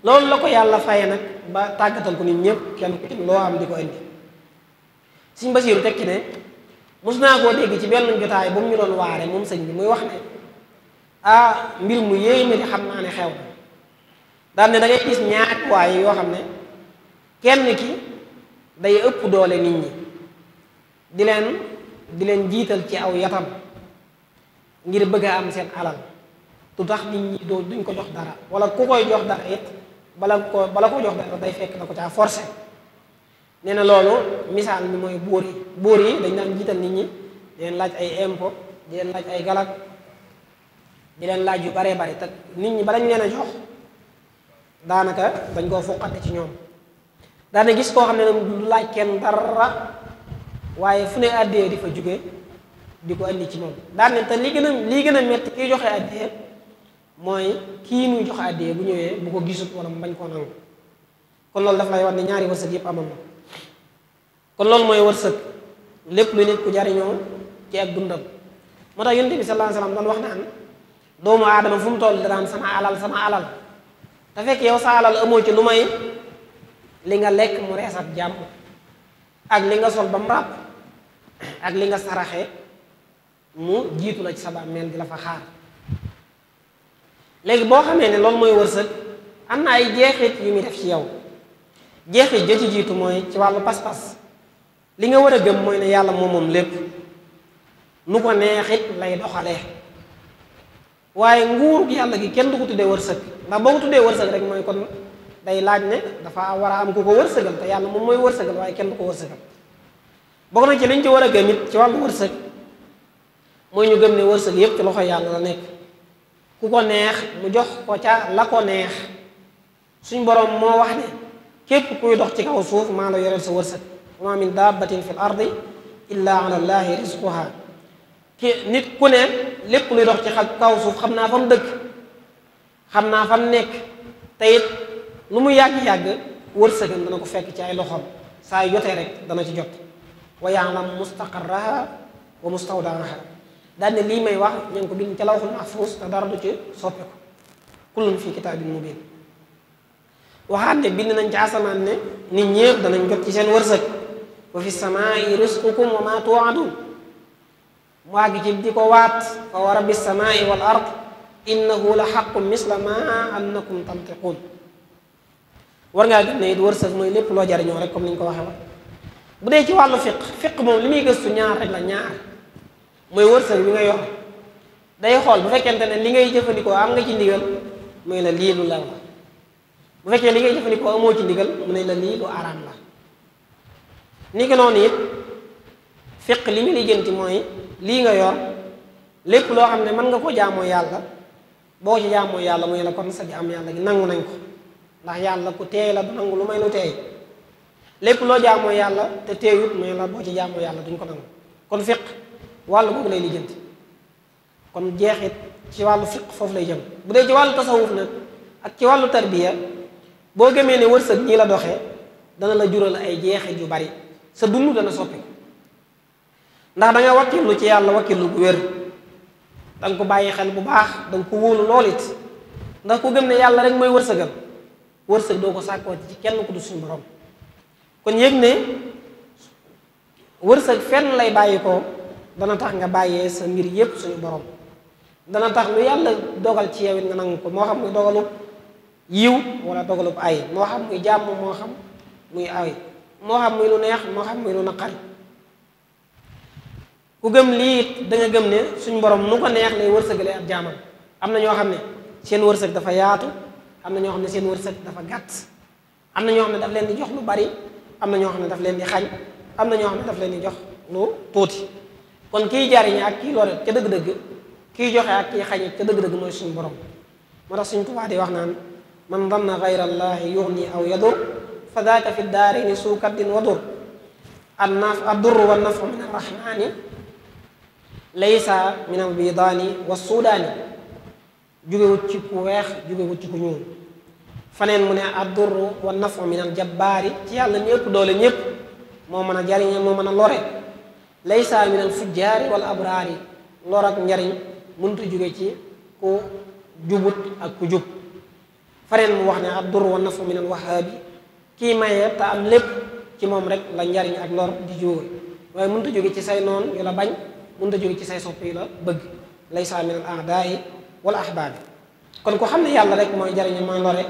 loolu la ko yàlla faye nag ba tàggatal ko nit ñëpp kenn ku loo am di ko indi suñ basiiru tekki ne mos naa koo dégg ci benn jotaay bu mu ñu doon waare moom sëñ bi muy wax ne ah mbir mu yéeme di xam naa ne xew na daal ne da ngay gis ñaari waay yoo xam ne kenn ki day ëpp doole nit ñi di leen di leen jiital ci aw yatam ngir bëgg a am seen alal lu tax nit ñi doo duñ ko jox dara wala ku koy jox dara it bala ko bala ko jox dara day fekk da ko caa forcer. nee na loolu misaal bi mooy buur yi buur yi dañ daan jiital nit ñi di leen laaj ay impôt di leen laaj ay galak di leen laaj yu baree bari te nit ñi bala ñu leen a jox daanaka dañ koo fuqate ci ñoom daana gis koo xam ne du laaj kenn waaye fu ne di fa jóge di ko andi ci moom daan ne te li gën a lii gën a metti kii joxe àddee mooy kii muy joxe àddee bu ñëwee bu ko gisut wala mu bañ koo nangu kon loolu daf lay wax ne ñaari wërsëg yëpp amam na kon loolu mooy wërsëg lépp lu nit ku jariñoo ci ak dundam moo tax yonent bi sallallahu alayhi wax naan doomu aadama fu mu toll daan sama alal sama alal te fekk yow sa alal amoo ci lu may li nga lekk mu reesal ab jàmm ak li nga sol ba mu ràpp ak li nga saraxe mu jiitu la ci sa bàmmeel di la fa xaar léegi boo xamee ne loolu mooy wërsëg am na ay jeexit yi muy def ci yow jeexit ja ci jiitu mooy ci wàllu pas-pas li nga war a gëm mooy ne yàlla moom moom lépp nu ko neexit lay doxalee waaye nguurug yàlla gi kenn du ko tuddee wërsëg ndax boo ko tuddee wërsëg rek mooy kon day laaj ne dafa war a am ku ko wërsëgal te yàlla moom mooy wërsëgal waaye kenn du ko wërsëgal bokk na ci liñ ci war a gëm it ci wàllu wërsëg mooy ñu gëm ne wërsëg yépp ci loxo yàlla la nekk ku ko neex mu jox ko ca la ko neex suñ boroom moo wax ne képp kuy dox ci kaw suuf maa la yoreel sa wërsëg ma min daabatin fi l ardi illa ala ki nit ku ne lépp luy dox ci xaj kaw suuf xam naa fa dëkk xam naa fa nekk te lu mu yàgg-yàgg wërsëgam dana ko fekk ci ay loxoom saa yotee rek dana ci jot wa yaalam mustaqarraha wa mustawdaaha daal ne lii may wax ñu ko bind ca lawxul mahfuus te dara du ci soppeeku kullun fi kitaabin mu waxaat ne bind nañ ci asamaan ne nit ñëpp danañ jot ci seen wërsëg wa fi samaai risqukum wa ma tuwaadun mu àgg ci di ko waat fa wa rabbi samaai wal ard innahu la xaqun misla ma annakum tantiqun war ngaa gis ne it wërsëg mooy lépp loo jariñoo rek comme ni ñu ko waxee bu dee ci wàllu fiq fiq moom li muy gëstu ñaar rek la ñaar mooy wërsëg bi nga yor day xool bu fekkente ne li ngay jëfandikoo am nga ci ndigal muy la lii lu lew bu fekkee li ngay jëfandikoo amoo ci ndigal mu ne la lii araam la ni ki noonu it fiq li muy lijjanti mooy lii nga yor lépp loo xam ne mën nga koo jaamoo yàlla boo ci jaamoo yàlla mooy la kon sa jaam yàlla gi nangu nañ ko ndax yàlla ku teey la du nangu lu may lu teey lépp loo jaamoo yàlla te teeyut mooy la boo ci jaamoo yàlla duñ ko nangu kon fiq wàllu boobu lay lijjanti kon jeexit ci wàllu fiq foofu lay jëm bu dee ci wàllu tasawuf na ak ci wàllu tarbiya boo gëmee ne wërsëg ñii la doxe dana la jural ay jeexit yu bari sa dund dana soppi ndax da nga ci yàlla wakkilu bu wér da ko bàyyi xel bu baax da nga ko wóolu lool it ndax ku gëm ne yàlla rek mooy wërsëgal wërsëg doo ko sàkkoo ci kenn ku du suñu borom kon yëg ne wërsëg fenn lay bàyyi ko dana tax nga bàyyee sa mbir yépp suñu borom dana tax lu yàlla dogal ci yow it nga nangu ko moo xam muy dogalub yiw wala dogalub ay moo xam muy jàmm moo xam muy ay moo xam muy lu neex moo xam muy lu naqari ku gëm lii it da gëm ne suñ borom nu ko neex lay wërsëgalee ab jaamam am na ñoo xam ne seen wërsëg dafa yaatu am na ñoo xam ne seen wërsëg dafa gàtt am na ñoo ne daf leen di jox lu bari am na ñoo xam ne daf leen di xañ am na ñoo xam ne daf leen di jox lu tuuti kon kiy jariñ ak kiy lore ca dëgg-dëgg kiy joxe ak kiy xañe ca dëgg-dëgg mooy suñu borom moo tax suñ Tuubaa di wax naan man danna gayra allahi yugni aw yadur fa daaka fi daarayni suu kaddin wa dur annaf addurru wa nafu min arrahmani laysa min albidaani wa suudaani jugewut ci ku weex jugewut ci ku ñuul faneen mu ne addurru wa nafu min aljabbaari ci yàlla ñëpp doole ñëpp moo mën a jariñ moo mën a lore laysa min alfujjaari wal abraari lor ak njariñ mëntu jóge ci ku jubut ak ku jub faneen mu wax ne addurru wa nafu min alwahaabi kii maye te am lépp ci moom rek la njariñ ak lor di jóge waaye mun a jóge ci say noon yu la bañ mënut a jóge ci say sopp yu la bëgg laysa min al aadaa'i wala bi kon ko xam ne yàlla rek mooy jariñ mooy lore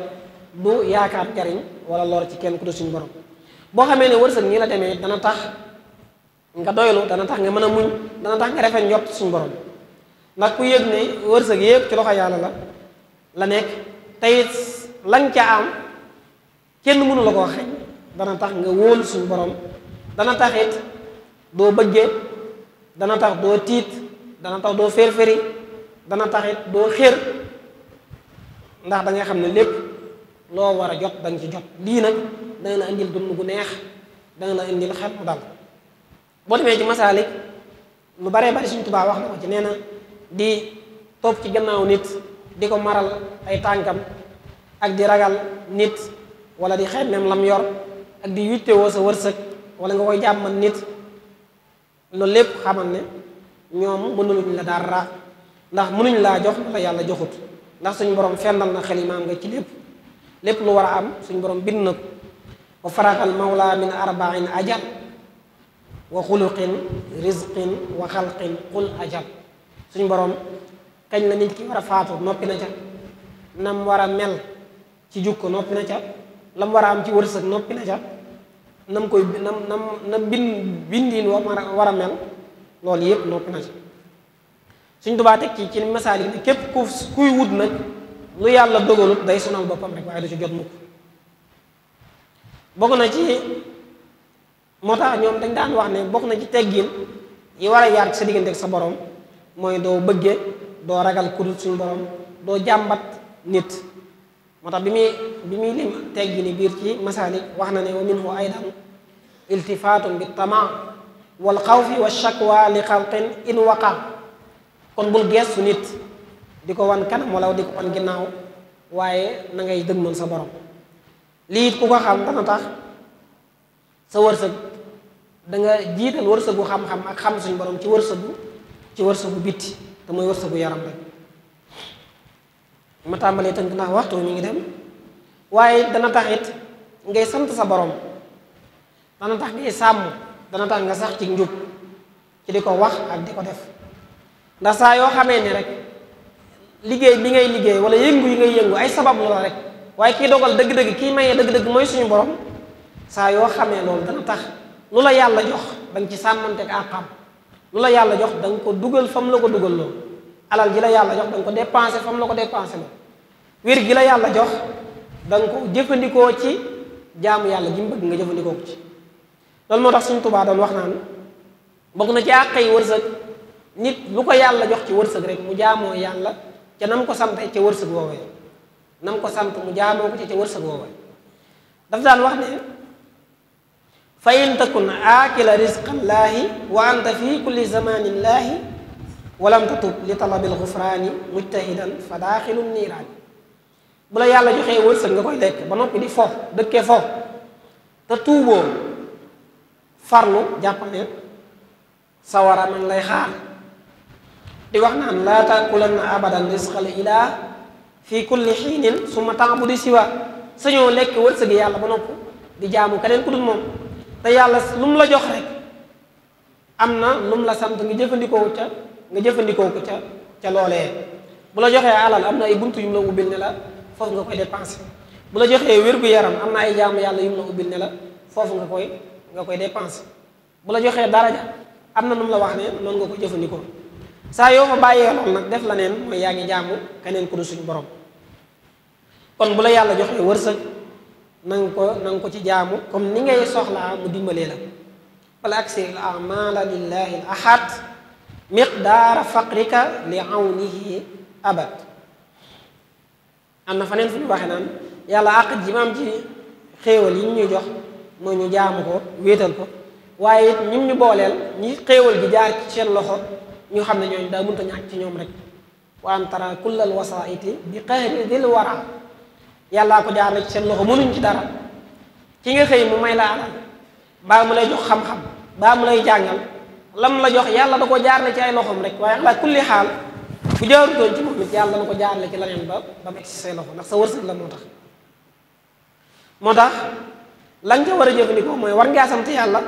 du yaakaar jariñ wala lor ci kenn ku dul suñu borom boo xamee ne wërsëg nii la demee dana tax nga doylu dana tax nga mën a muñ dana tax nga rafet njort suñu borom ndax ku yëg ne wërsëg yëpp ci loxo yàlla la la nekk tey lañ ca am kenn mënula la koo xañ dana tax nga wool suñu borom dana tax it doo bëggee dana tax doo tiit dana tax doo fér-féri dana tax doo xér ndax dangay xam ne lépp loo war a jot da ci jot lii nag dana la indil dund gu neex dana la indil xel mu dal boo demee ci masaalik lu bare bari suñ tubaab wax na ko ci nee na di topp ci gannaaw nit di ko maral ay tànkam ak di ragal nit wala di xemmeem lam yor ak di yittewoo sa wërsëg wala nga koy jàmmal nit loolu lépp xamal ne ñoom mënuluñ la daal dara ndax mënuñ laa jox la yàlla joxut ndax suñ borom fendal na xel imaam nga ci lépp lépp lu war a am suñ borom bind na ko wa faraxal mawla min arbain ajal wa xuluqin rizqin wa xalqin qul ajal suñ borom kañ la nit ki war a faatu noppi na ca nam war a mel ci jukko noppi na ca la war a am ci wërsëg noppi na ca nam koy nam nam na bin bindiin wa war a mel loolu yëpp noppi na ca suñ tubaa teg ci ci misaal yi ne képp ku kuy wut nag lu yàlla dogalut day sonal boppam rek waaye du ci jot mukk bokk na ci moo tax ñoom dañ daan wax ne bokk na ci teggin yi war a yaar ci sa diggante ak sa boroom mooy doo bëgge doo ragal kudut suñu borom doo jàmbat nit moo tax bi muy bi muy lim ni biir ci masaalik wax na ne wa minhu aydan iltifaatun bi tamaa wal xawfi wa shakwa li xalqin in waqa kon bul geestu nit di ko wan kanam wala di ko wan ginnaaw waaye na ngay dëgmal sa borom lii it ku ko xam dana tax sa wërsëg da nga jiital wërsëgu xam-xam ak xam suñ borom ci wërsëgu ci wërsëgu bitti te mooy wërsëgu yaram rek ma tàmbalee tënk ndax waxtu mi ngi dem waaye dana tax it ngay sant sa borom dana tax ngay sàmm dana tax nga sax ci njub ci di ko wax ak di ko def ndax saa yoo xamee ni rek liggéey bi ngay liggéey wala yëngu yi ngay yëngu ay sabab la rek waaye kii dogal dëgg-dëgg kii mayee dëgg-dëgg mooy suñu borom saa yoo xamee loolu dana tax lu la yàlla jox danga ci sàmmante ak àqam lu la yàlla jox danga ko dugal fam la ko dugal loolu alal ji la yàlla jox da ko dépensé fam la ko dépensé la wér gi la yàlla jox da nga ko jëfandikoo ci jaamu yàlla ji mu bëgg nga jëfandikoo ko ci loolu moo tax suñ tubaa doon wax naan bokk na ci àq yi wërsëg nit lu ko yàlla jox ci wërsëg rek mu jaamoo yàlla ca nam ko sante ca wërsëg woowee nam ko sant mu jaamoo ko ca ca wërsëg woowee daf daan wax ne fa in takun aakila rizqallaahi wa anta fi kulli zamanin walam tatub li talabil xufraani mujtahidan fa daaxilum niiraan bu la yàlla joxee wërsëg nga koy lekk ba noppi di fo dëkkee fo te tuuboo farlu jàppale sawara man lay xaar di wax naan laa taakulanna abadan risqal ilaa fii kulli xiinin summa taabudi siwa sañoo lekk wërsëg yàlla ba nopp di jaamu keneen ku dul moom te yàlla lu mu la jox rek am na lu mu la sant ngi jëfandikoo ca nga jëfandikoo ko ca ca loolee bu la joxee alal am na ay bunt yu mu la ubbil ne foofu nga koy dépensé bu la joxee wér-gu-yaram am na ay jaamu yàlla yu mu la ubbil ne la foofu nga koy nga koy dépensé bu la joxee daraja am na nu la wax ne noonu nga ko jëfandikoo saa yoo fa bàyyee lool nag def la neen mooy yaa ngi jaamu keneen ku du suñ borom kon bu la yàlla joxee wërsëg na nga ko na ko ci jaamu comme ni ngay soxlaa mu dimbalee la wala aksiril amala lillahi al ahad miqdaara faqrika li awnihi abad am na faneen fu ñu waxe naan yàlla àq ji maam ci xéewal yi ñu jox mooy ñu jaamu ko wéetal ko waaye it ñu booleel ñi xéewal gi jaar ci seen loxo ñu xam ne ñooñu daa mënta ñàkk ci ñoom rek wa an tara kullal wasaiti bi qahri dil wara yàllaa ko jaar ci seen loxo mënuñ ci dara ki nga xëy mu may la alal baa mu lay jox xam-xam baa mu lay jàngal lam la jox yàlla da ko jaarale ci ay loxoom rek waaye ala kulli xaal bu jaarutoon ci moom it yàlla dana ko jaarale ci leneen ba ba mu egg say loxo ndax sa wërsëg la moo tax moo tax la nga war a jëfandikoo mooy war ngaa sant yàlla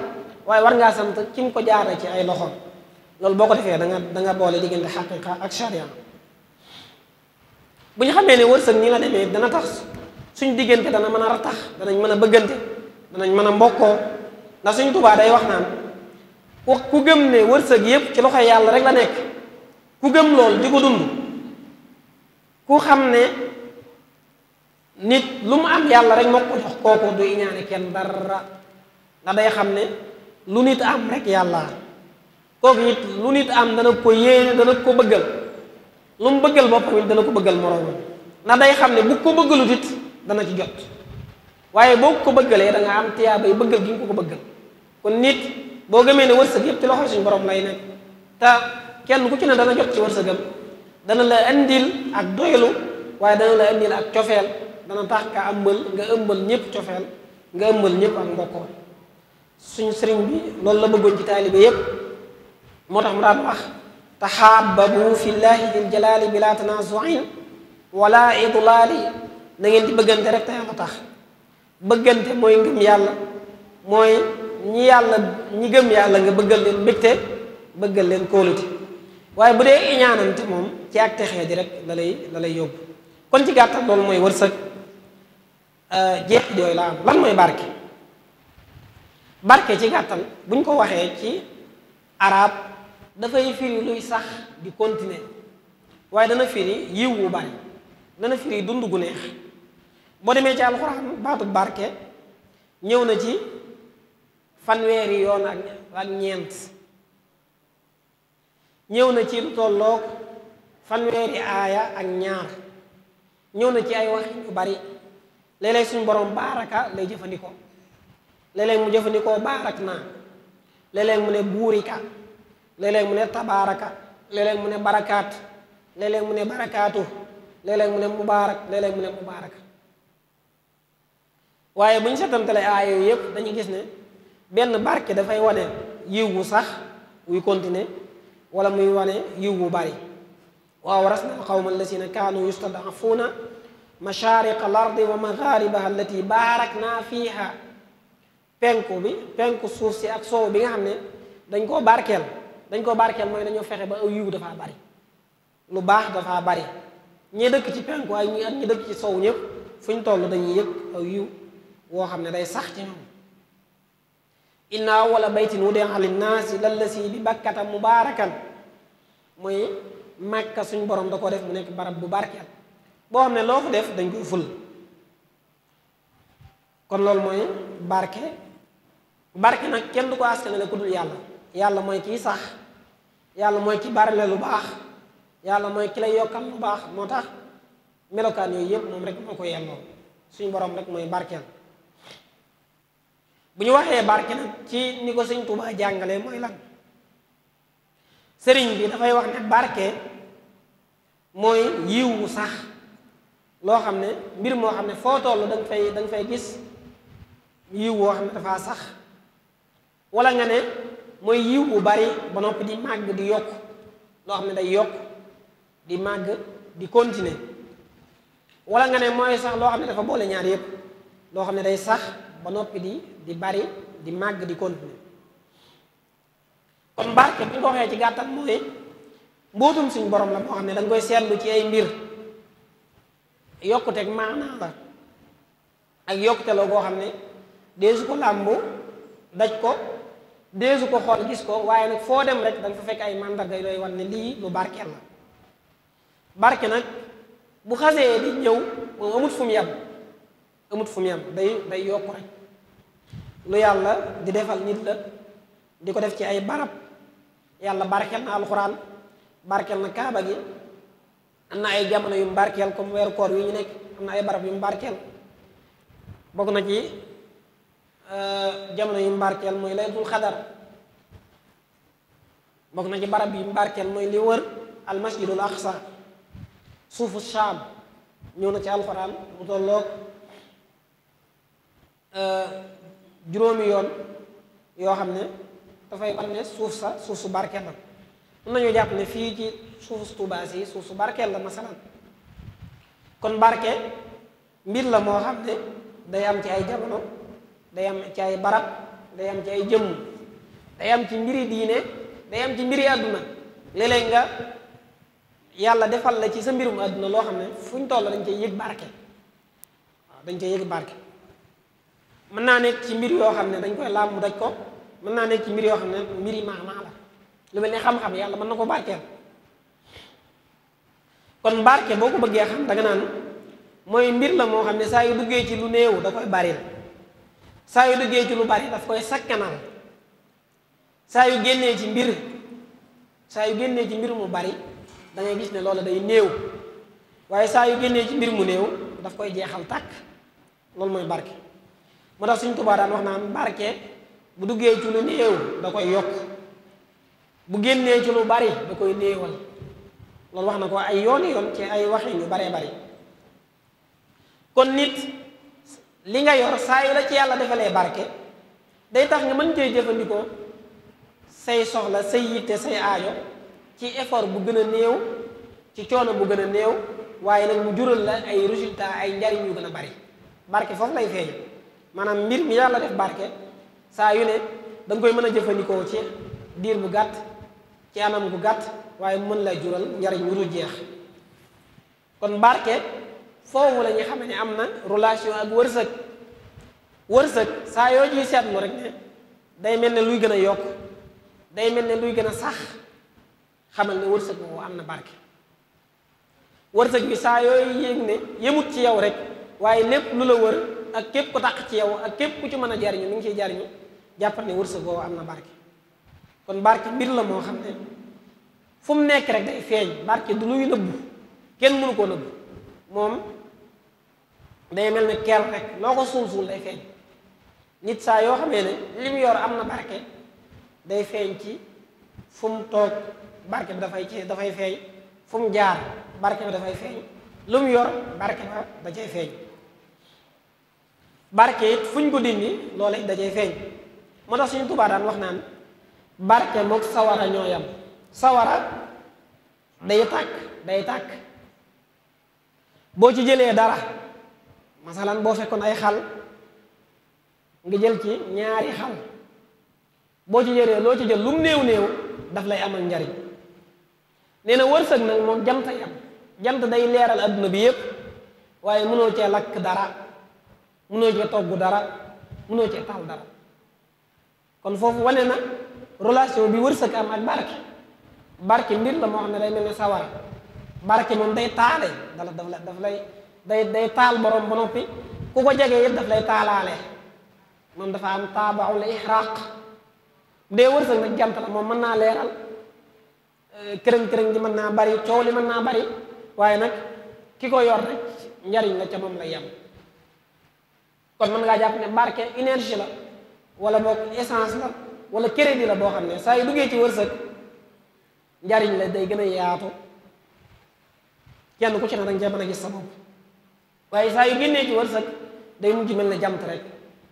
waaye war ngaa sant ki mu ko jaarale ci ay loxoom loolu boo ko defee da nga da nga boole diggante xaqiqa ak charia bu ñu xamee ne wërsëg nii la demee dana tax suñ diggante dana mën a ratax danañ mën a bëggante danañ mën a mbokkoo ndax suñ tubaa day wax naan wax ku gëm ne wërsëg yépp ci loxo yàlla rek la nekk ku gëm lool di ko dund ku xam ne nit lu mu am yàlla rek moo ko jox kooku du iñaane kenn dara ndax day xam ne lu nit am rek yàlla kooku nit lu nit am dana ko yéene dana ko bëggal lu mu bëggal boppam it dana ko bëggal moroomam ndax day xam ne bu ko bëggalut it dana ci jot waaye boo ko bëggalee danga nga am tiyaabay bëggal gi nga ko ko bëggal kon nit boo gëmee ne wërsëg yëpp ci loxo suñu borom lay nekk te kenn ku ci ne dana jot ci wërsëgam dana la indil ak doylu waaye dana la indil ak cofeel dana tax ka ëmbal nga ëmbal ñëpp cofeel nga ëmbal ñëpp ak mbokkoo suñu sëriñ bi loolu la bëggoon ci taalibe yëpp moo tax mu daan wax taxaababu fillahi dil jalaali bi laa tanazuin wala idlaali na ngeen di bëggante rek te yàlla tax bëggante mooy ngëm yàlla mooy ñi yàlla ñi gëm yàlla nga bëggal leen mbégte bëggal leen kóolute waaye bu dee iñaanante moom ci ak texee di rek la lay la lay yóbbu kon ci gàttal loolu mooy wërsëg euh, jeex yooyu la am lan mooy barke barke ci gàttal buñ ko waxee ci arab dafay firi luy sax di continuer waaye dana firi yiw wu bari dana firi dund gu boo demee ci alxuraan baatu barke ñëw na ci fanweeri yoon ak ñeent ñëw na ci lu tolloog fanweeri aaya ak ñaar ñëw na ci ay wax yu bari léeg suñ suñu borom baaraka lay jëfandikoo léeg mu jëfandikoo baarak naa léeg-léeg mu ne buurika léeg-léeg mu ne tabaaraka léeg mu ne barakaat léeg-léeg mu ne barakaatu léeg mu ne mubaarak léeg-léeg mu ne mubaaraka waaye bu ñu setantalee aaya yooyu yépp dañuy gis ne benn barke dafay wane yiw bu sax wuy continuer wala muy wane yiw wu bari waaw xaw wa awrasna qawma allasina kaanu yustadafuuna mashaariqa al ardi wa magharibaha allati naa fiha penku bi penku suuf si ak soow bi nga xam ne dañ koo barkeel dañ koo barkeel mooy dañoo fexe ba aw yiw dafaa bari lu baax dafaa bari ñi dëkk ci penku ay ñi ak ñi dëkk ci sow ñëpp fu ñu toll dañuy yëg aw yiw woo xam ne day sax ci ñoom inna awwala baytin wudi'a linnaasi lallasi bi mu baarakan mooy màkka suñ borom da ko def mu nekk barab bu barkeel boo xam ne loo fi def dañ koy ful kon loolu mooy barke barke nag kenn du ko askanale ku dul yàlla yàlla mooy kii sax yàlla mooy ki barale lu baax yàlla mooy ki lay yokkal lu baax moo tax melokaan yooyu yëpp moom rek moo ko yelloo suñu borom rek mooy barkeel bu ñu waxee barke nag ci ni ko sëñ Tuubaa jàngale mooy lan sëriñ bi dafay wax ne barke mooy yiwu sax loo xam ne mbir moo xam ne foo toll danga fay danga fay gis yiw woo xam ne dafaa sax wala nga ne mooy yiw bu bari ba noppi di màgg di yokk loo xam ne day yokk di màgg di continuer walla nga ne mooy sax loo xam ne dafa boole ñaar yépp loo xam ne day sax ba noppi di di bari di màgg di continuer kon barke bu ci gàttal mooy mbóotum suñu borom la moo dañ koy seetlu ci ay mbir yokkuteeg maanaa la ak yokkute la koo xam ne deesu ko làmbu daj ko deesu ko xool gis ko waaye nag foo dem rek danga fa fekk ay màndarga looy wan ne lii lu barkeel la barke nag bu xasee di ñëw amut fu mu yem amut fu mu day day yokk rek lu yàlla di defal nit la di ko def ci ay barab yàlla barkeel na alxuraan barkeel na kaaba gi am na ay jamono yu mu barkeel comme weeru koor wi ñu nekk am na ay barab yu mu barkeel bokk na ci euh, jamono yu mu barkeel mooy laylatul xadar bokk na ci barab yu mu barkeel mooy li wër al masjidul aqsa suufu shaam ñëw na ci alxuraan mu tolloog euh, juróomi yoon yoo xam ne dafay wan ne suuf sa suuf su barkeel la mën nañoo jàpp ne fii ci suuf su Tuubaa si suuf su barkeel la masalan kon barke mbir la moo xam ne day am ci ay jamono day am ci ay barab day am ci ay jëmm day am ci mbiri diine day am ci mbiri àdduna léeg nga yàlla defal la ci sa mbirum àdduna loo xam ne fuñ ñu toll dañ cay yëg barke waa dañ cay yëg barke mën naa nekk ci mbir yoo xam ne dañ koy laam mu daj ko mën naa nekk ci mbir yoo xam ne mbiri maanaa la lu mel ne xam-xam yàlla mën na ko barkeel kon barke boo ko bëggee xam danga naan mooy mbir la moo xam ne saa yu duggee ci lu néew da koy baril saa yu duggee bari daf koy sakkanal saa yu génnee ci mbir saa yu génnee ci mbir mu bari da gis ne loolu day néew waaye saa yu génnee ci mbir mu néew daf koy jeexal tàkk loolu mooy barke moo tax Sëñ Tuubaa wax naa naan barke bu duggee ci lu néew da koy yokk bu génnee ci lu bari da koy néewal loolu wax na ko ay yooni yoon ci ay waxin yu baree bari kon nit li nga yor saa yu la ci yàlla defalee barke day tax nga mën cee jëfandikoo say soxla say yitte say aajo ci effort bu gën a néew ci coono bu gën a néew waaye nag mu jural la ay résultat ay njariñ yu gën a bari barke foofu lay feeñ maanaam mbir mi yàlla def barke saa yu ne da koy mën a jëfandikoo ci diir bu gàtt ci anam gu gàtt waaye mën lay jural njariñ wu dul jeex kon barke foofu lañuy ñu xamee ne am na relation ak wërsëg wërsëg saa yoo ciy seetlu rek mel ne luy gën a yokk day mel ne luy gën a sax xamal ne wërsëg woowu am na barke wërsëg bi saa yooyu yéeg ne yemut ci yow rek waaye lépp lu la wër ak képp ku dàq ci yow ak képp ku ci mën a jariñu mi ngi ciy jariñu jàppal ne wërsëg boobu am na barke kon barke mbir la moo xam ne fu mu nekk rek day feeñ barke du luy nëbbu kenn mënu koo nëbbu moom day mel ne keel rek loo ko suul suul day feeñ nit saa yoo xamee ne li mu yor am na barke day feeñ ci fu mu toog barke bi dafay ci dafay feeñ fu mu jaar barke bi dafay feeñ lu mu yor barke ba da feeñ barke it fuñ ko dindi loola it da feeñ moo tax suñu Tuubaa daan wax naan barke mook sawara ñoo yam sawara day tàkk day tàkk boo ci jëlee dara masalan boo fekkoon ay xal nga jël ci ñaari xal boo ci jëlee loo ci jël lum néew néew daf lay amal njariñ nee na wërsëg nag moom jant yam jant day leeral adduna bi yépp waaye mënoo cee lakk dara mënoo ci togg dara noo ci taal dal kon foofu wane na relation bi wërsëg am ak barke barke mbir la moo xam ne day mel ne sawara barke moom day taale dala daf la lay day day taal borom ba noppi ku ko jege yëpp daf lay taalaale moom dafa am taabaxul ihraq bu dee wërsëg nag jant la moom mën naa leeral eh, kërëng kërëng di mën naa bari coow li naa bari waaye nag ki ko yor rek njariñ la ca moom lay yem kon mën ngaa jàpp ne barke énergie la wala boog essence la wala crédit la boo xam ne saa yu duggee ci wërsëg njariñ la day gën a yaatu kenn ku ci ne danga cee gis sa bopp waaye saa yu génnee ci wërsëg day mujj mel ne jant rek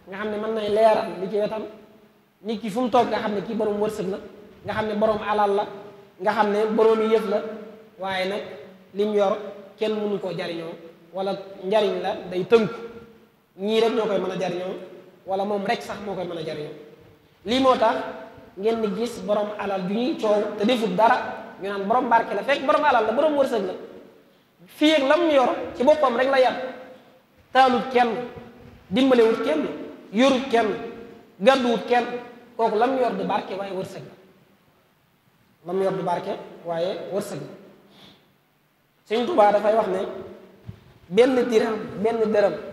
nga xam ne mën nay leeral li ci wetam nit ki fu mu toog nga xam ne kii borom wërsëg la nga xam ne borom alal la nga xam ne boroomi yëf la waaye nag lim yor kenn mënu koo jariñoo wala njariñ la day tënku ñii rek ñoo koy mën a jariñoo wala moom rek sax moo koy mën a jariñoo lii moo tax ngeen di gis borom alal ju ñuy coow te deful dara ñu naan borom barke la fekk borom alal la borom wërsëg la fii yor ci boppam rek la yar taalut kenn dimbalewut kenn yorut kenn gàdduwut kenn kooku yor du barke waaye wërsëg la lam yor du barke waaye wërsëg la Sëñ dafay wax ne benn diram benn dërëm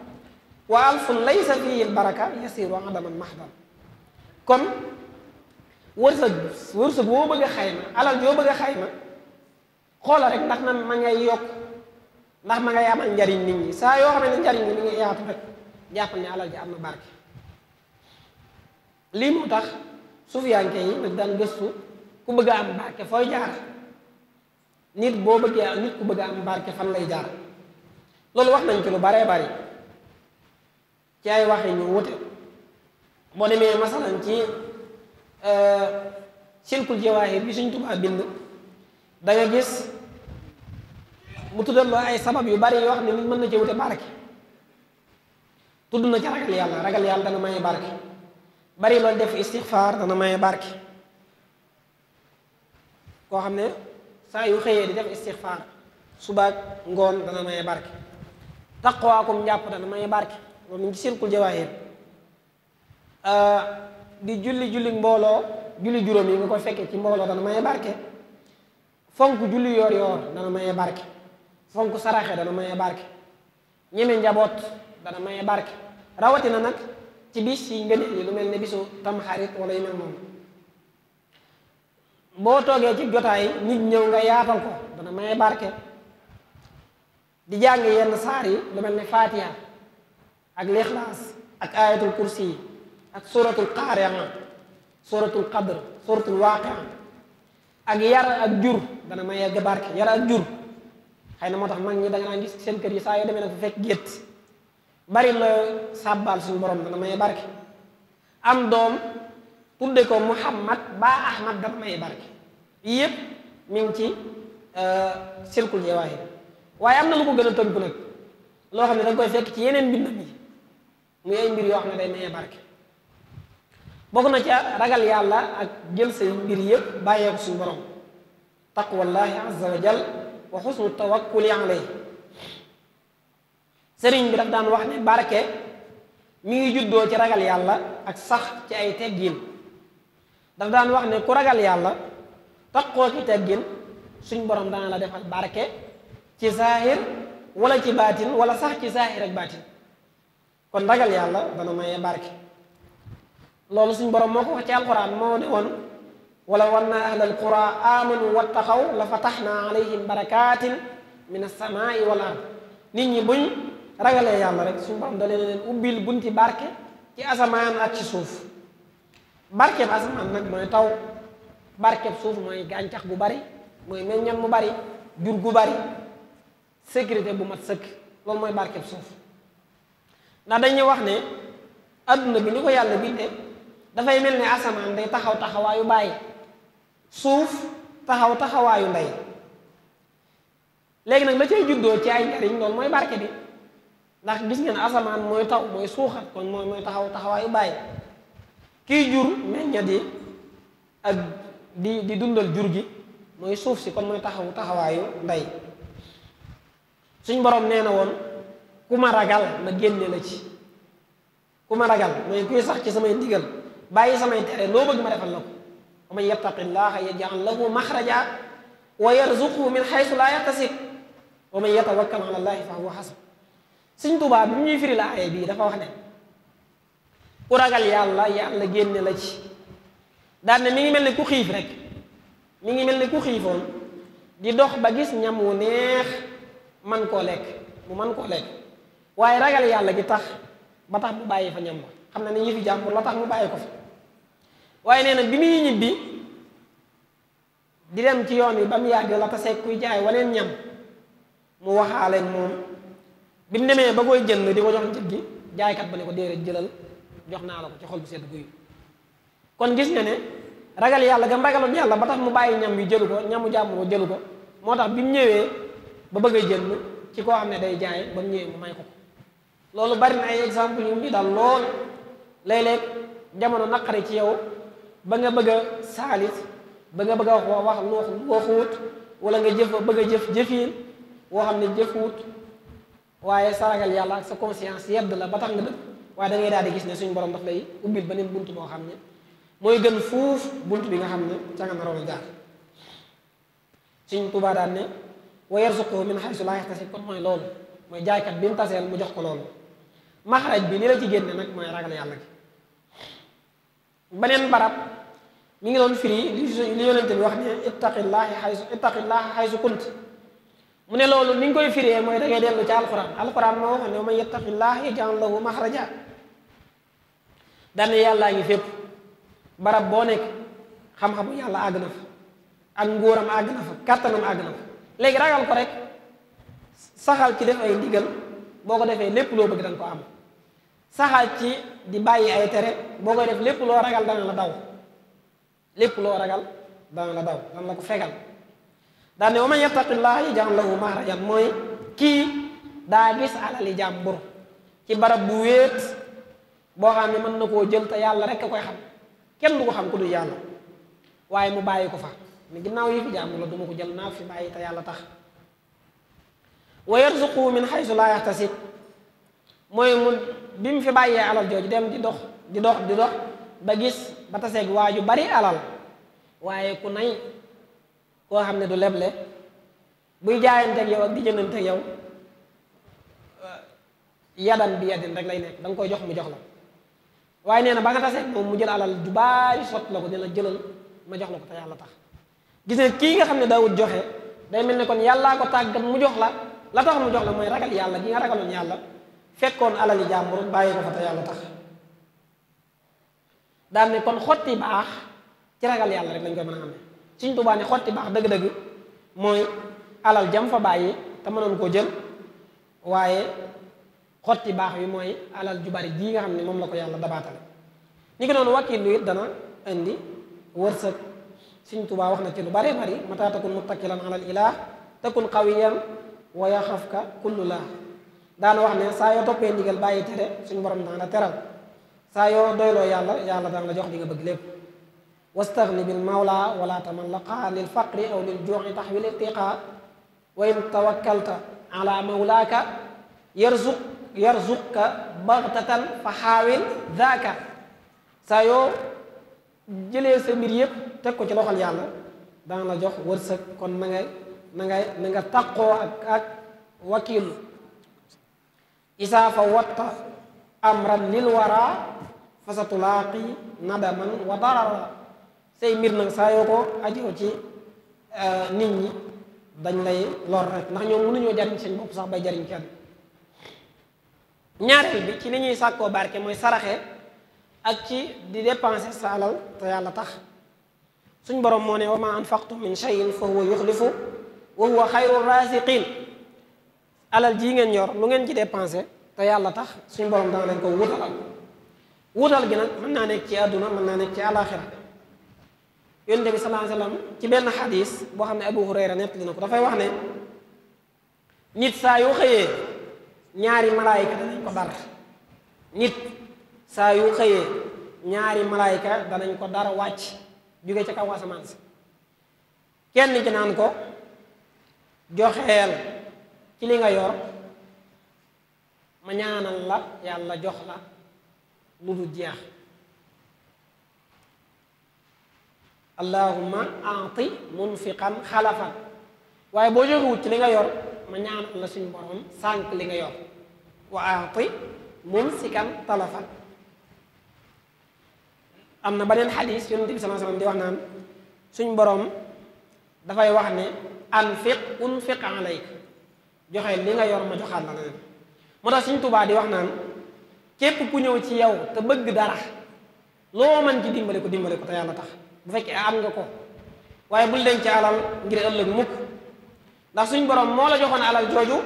wa alfun laysa fihi albaraka yasiru adaman mahdan kon wërsëg wërsëg woo bëgg a xayma alal joo bëgg a xayma xoola rek ndax ma ngay yokk ndax ma ngay amal njariñ nit ñi saa yoo xam ne njariñ li mi ngi yaatu rek jàpp ne alal ji am na barke lii moo tax sufiyanke yi nag daan gëstu ku bëgg a am barke fooy jaar nit boo bëggee nit ku bëgg a am barke fan lay jaar loolu wax nañ ki lu baree bari ci ay waxe ñu wute boo demee masalan ci euh, silkul jawaahir bi suñ Tuubaa bind da nga gis mu tuddal loo ay sabab yu bari yoo xam ne nit mën na ci wute barke tudd na ci ragal yàlla ragal yàlla dana maye barke bari loolu def istixfaar dana maye barki koo xam ne saa yu xëyee di def istixfaar subaak ngoon dana maye barke taqwaakum njàpp dana maye barki loolu mu ngi silkul jawaahir euh, di julli julli mbooloo julli juróom yi nga koy fekkee ci mbooloo dana maye barke fonk julli yoor yoor dana maye barke fonk saraxe dana maye barke ñeme njaboot dana maye barke rawatina nag ci bis yi ngëneel yi lu mel ne bisu tamxarit wala yu mel noonu boo toogee ci jotaay nit ñëw nga yaatal ko dana maye barke di jàng yenn saar yi lu mel ne faatiha ak lixlaas ak ayatul kursi ak suratul qaari'a suratul qadr suratul waaqia ak yar ak jur dana ma yegg barke yar ak jur xëy na moo tax mag ñi da nga naan gis seen kër yi saa yoo demee nag fu fekk gétt bari loo sàbbaal suñu borom dana maye barke am doom tudde ko muhammad ba ahmad dana maye barke yëpp mi ngi ci euh, sirkul jewaahir waaye am na lu ko gën loo xam ne da nga koy fekk ci yeneen bindam yi muy ay mbir yoo xam ne day maye barke bokk na ca ragal yàlla ak jël say mbir yëpp bàyyee ko suñu borom taqwallahi azza wa jal wa xusnu tawakkuli alayhi sëriñ bi daf daan wax ne barke mu ngi juddoo ci ragal yàlla ak sax ci ay teggin daf daan wax ne ku ragal yàlla taqoo ci teggin suñ borom dana la defal barke ci saahir wala ci baatin wala sax ci saahir ak baatin kon ragal yàlla dana maye barke loolu suñ borom moo ko wax ci alquran moo ne woon wala wan naa ahlal qura amanu la fataxna alayhim barakatin min asamaai wal ard nit ñi buñ ragalee yàlla rek suñ borom da leen leen ubbil bunti barke ci asamaan ak ci suuf barkeb asamaan nag mooy taw barkeb suuf mooy gàncax gu bari mooy meññam mu bari jur gu bari sécurité bu mat sëkk loolu mooy barkeb suuf ndax dañuy wax ne àdduna bi ni ko yàlla bindee dafay mel ne asamaan day taxaw taxawaayu bàyyi suuf taxaw taxawaayu ndey léegi nag la cay juddoo ci ay njariñ loolu mooy barke bi ndax gis ngeen asamaan mooy taw mooy suuxat kon mooy taxaw taxawaayu bàyyi kiy jur meññat yi ak di di dundal jur gi mooy suuf si kon mooy taxaw taxawaayu ndey suñ borom nee na woon ku ma ragal ma génne la ci ku ma ragal mooy kuy sax ci samay ndigal bàyyi samay tere loo bëgg ma defal la ko wa man yattaqi llaha yaj'al lahu maxraja wa yarzuqhu min xaysu laa yaxtasib wa man yatawakkal ala llahi fa huwa xasb Sëñ Tuubaa bi ñuy firi la aaya bii dafa wax ne ku ragal yàlla yàlla génne la ci daan ne mi ngi mel ni ku xiif rek mi ngi mel ni ku xiifoon di dox ba gis ñam wu neex man koo lek mu man koo lek waaye ragal yàlla gi tax ba tax mu bàyyi fa ñam ma xam na ñi yëfi jàmbur la tax mu bàyyi ko fa waaye nee nag bi muy ñibbi di dem ci yoon wi ba mu yàgg la taseeg kuy jaay waneen ñam mu waxaaleeg moom bi mu demee ba koy jënd di ko jox njëg gi jaaykat ba ne ko déedéet jëlal jox naa la ko ci xol bu sedd guy kon gis nga ne ragal yàlla gam ragaloon yàlla ba tax mu bàyyi ñam yu jëlu ko ñamu jàmbur ko jëlu ko moo tax bi mu ñëwee ba bëgg a jënd ci koo xam ne day jaay ba ñëwee mu may loolu bari na ay exemple yu ñu dal lool léeg-léeg jamono naqari ci yow ba nga bëgg saalis ba nga bëgg a wax wax waxuut wala nga jëf bëgg a jëf jëfiin woo xam ne jëfuut waaye saragal yàlla ak sa conscience yedd la ba tax nga dëkk waaye da ngay daal di gis ne suñu borom daf lay ubbil beneen bunt boo xam ne mooy gën fuuf bunt bi nga xam ne ca nga naroon a jaar suñ Tuubaa daan ne wa yarzuquhu min haysu laa yahtasib kon mooy loolu mooy jaaykat bi mu mu jox ko loolu maxaraj bi li la ci génne nag mooy ragal yàlla gi beneen barab mi ngi doon firi li li bi wax ne ittaqillaahi xaysu ittaqillaahi xaysu kunt mu ne loolu ni koy firee mooy da dellu ci alquran alquran moo waxoon ne man yattaqillaaha yaj'al lahu maxraja dane yàllaa ngi fépp barab boo nekk xam-xamu yàlla àgg na fa ak nguuram àgg na fa kàttanam léegi ragal ko rek saxal ci def ay ndigal boo ko defee lépp loo bëgg danga ko am saxaat ci di bàyyi ay tere boo koy def lépp loo ragal dana la daw lépp loo ragal dana la daw dana la ko fegal daal ne wa man yattaqillaaha yaj'al lahu maxrajan mooy kii daa gis alali jàmbur ci barab bu wéet boo xam ne mën na koo jël te yàlla rek a koy xam kenn du ko xam ku dul yàlla waaye mu bàyyi ko fa ne ginnaaw yi fi jàmbur la duma ko jël naa fi bàyyi te yàlla tax wa yarzuquhu min xaysu laa yaxtasib mooy mu bi mu fi bàyyee alal jooju dem di dox di dox di dox ba gis ba taseeg waa yu bari alal waaye ku nay koo xam ne du leble buy jaayanteeg yow ak di jëndanteeg yow eh, yadan bi yadin rek lay nekk da koy jox mu jox la waaye nee na ba nga taseeg moom mu jël alal ju bari sott la ko ne la jëlal ma jox la ko te yàlla tax gis ne kii nga xam ne daawut joxe day mel ne kon yàllaa ko tàggat mu jox la la tax mu jox la mooy ragal yàlla gi nga ragaloon yàlla fekkoon alali jàmbur bàyyi ko fa te yàlla tax daan ne kon xotti baax ci ragal yàlla rek lañ koy mën a amee suñ tubaa ne xotti baax dëgg-dëgg mooy alal jam fa bàyyi te mënoon koo jël waaye xotti baax bi mooy alal ju bari jii nga xam ne moom la ko yàlla dabaatale ñu ko noonu wakkiilu it dana indi wërsëg suñ tubaa wax na ci lu bare bari mata takun muttakilan alal ilaah takun qawiyan wa yaxafka kullu laa daan wax ne saa yoo toppee ndigal bàyyi tere suñu borom daan la teral saa yoo doyloo yàlla yàlla daan la jox di nga bëgg lépp wastaxni bil mawla wala tamallaqa lil faqri aw lil juuxi taxwil irtiqa wa in tawakkalta ala mawlaaka yarzuq yarzuqka baxtatan fa xaawil daaka saa yoo jëlee sa mbir yépp teg ko ci loxol yàlla daan la jox wërsëg kon na na nga na nga taqoo ak ak wakiilu isaa fa watta amran lil wara fa sa tulaaqi nadaman wa say mbir nag saa ko ajoo ci eh, nit ñi dañ lay lor rek ndax ñoom mënuñoo jariñ seen bopp sax bay jariñ kenn ñaareel bi ci li ñuy sàkkoo barke mooy saraxe ak ci di dépenser sa alal te yàlla tax suñ borom moo ne wa ma anfaqtum min shay'in fa huwa yuxlifu wa huwa xayru raasiqin alal jii ngeen yor lu ngeen ci dépensé te yàlla tax suñ borom dana leen ko wutalal wutal gi nag mën naa nekk ci àdduna mën naa nekk ci àlaxira yonent bi sallallahu alayhi ci benn xadis boo xam ne Abu Hurayra nettali na ko dafay wax ne nit saa yu xëyee ñaari malaayika danañ ko dar nit saa yu xëyee ñaari malaayika danañ ko dar wàcc jóge ca kaw asamaan kenn ci naan ko joxeel ci li nga yor ma ñaanal la yàlla jox la lu du jeex allahumma aati munfiqan xalafan waaye boo joxewut ci li nga yor ma ñaanal la suñu borom sànq li nga yor wa aati mumsikan talafan am na beneen xadis yonent bi sallallahu alayhi wasallam di wax naan suñ borom dafay wax ne anfiq unfiq alayk joxe li nga yor ma joxaat la leneen moo tax Sëriñ Tuubaa di wax naan képp ku ñëw ci yow te bëgg dara loo mën ci dimbali ko dimbali ko te yàlla tax bu fekkee am nga ko waaye bul denc alal ngir ëllëg mukk ndax suñ borom moo la joxoon alal jooju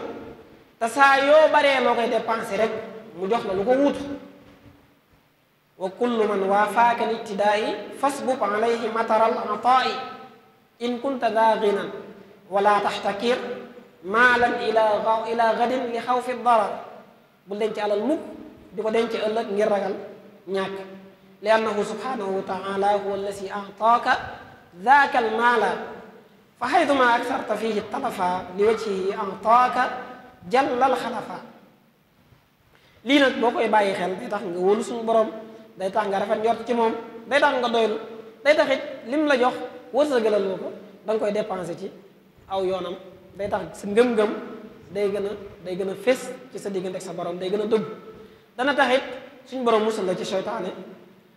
te saa yoo baree loo koy dépensé rek mu jox la lu ko wuutu wa kullu man waafaaka al ibtidaa'i fasbub alayhi mataral ataa'i in kunta daa ginan wala taxtakir maalan ila ila gadin li xawfi darar bul denc alal mukk di ko denc ëllëg ngir ragal ñàkk li annahu subhanahu wa taala huwa allasi ataaka daaka almaala fa xaytuma aksarta fihi talafa li wajhihi ataaka jallal xalafa lii nag boo koy bàyyi xel day tax nga wóolu suñu borom day tax nga rafet njort ci moom day tax nga doylu day taxit lim la jox wërsëgalal la ko danga koy dépensé ci aw yoonam day tax sa ngëm-ngëm day gën a day gën a fés ci sa diggante ak sa borom day gën a dëgg dana taxit suñu borom musal la ci seytaane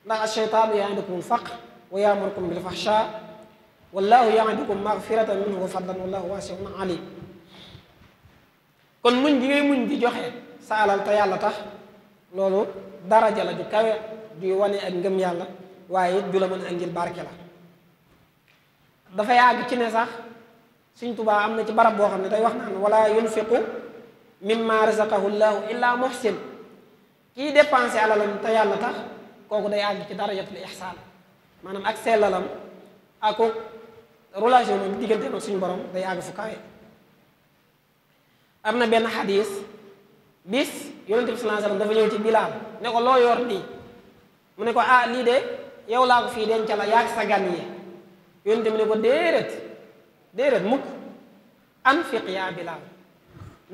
ndax as seytaanu ya'idukumul faqr wa ya'murukum bil fahsha wallahu ya'idukum maghfiratan minhu wa fadlan wallahu wasi'un alim kon muñ gi ngay muñ di joxe sa alal yàlla tax loolu daraja la ju kawe juy wane ak ngëm yàlla waaye jula ju la mën a indil barke la dafa yàgg ci ne sax suñ tubaa am na ci barab boo xam ne day wax naan wala yunfiqu mimma razaqahu llahu illa muhsin kii dépensé alalam te yàlla tax kooku day àgg ci dara darajatul ihsaan maanaam ak sellalam ak relation moom digganteem ak suñu borom day àgg fu kawe am na benn xadis bis yonente bi sallallahu alayhi wasallam dafa ñëw ci bilaal ne loo yor nii mu ne ko ah lii de yow laa ko fii denc la yaag sa gan yi yónni tamit ne ko déedéet déedéet mukk anfiq yaa bilaal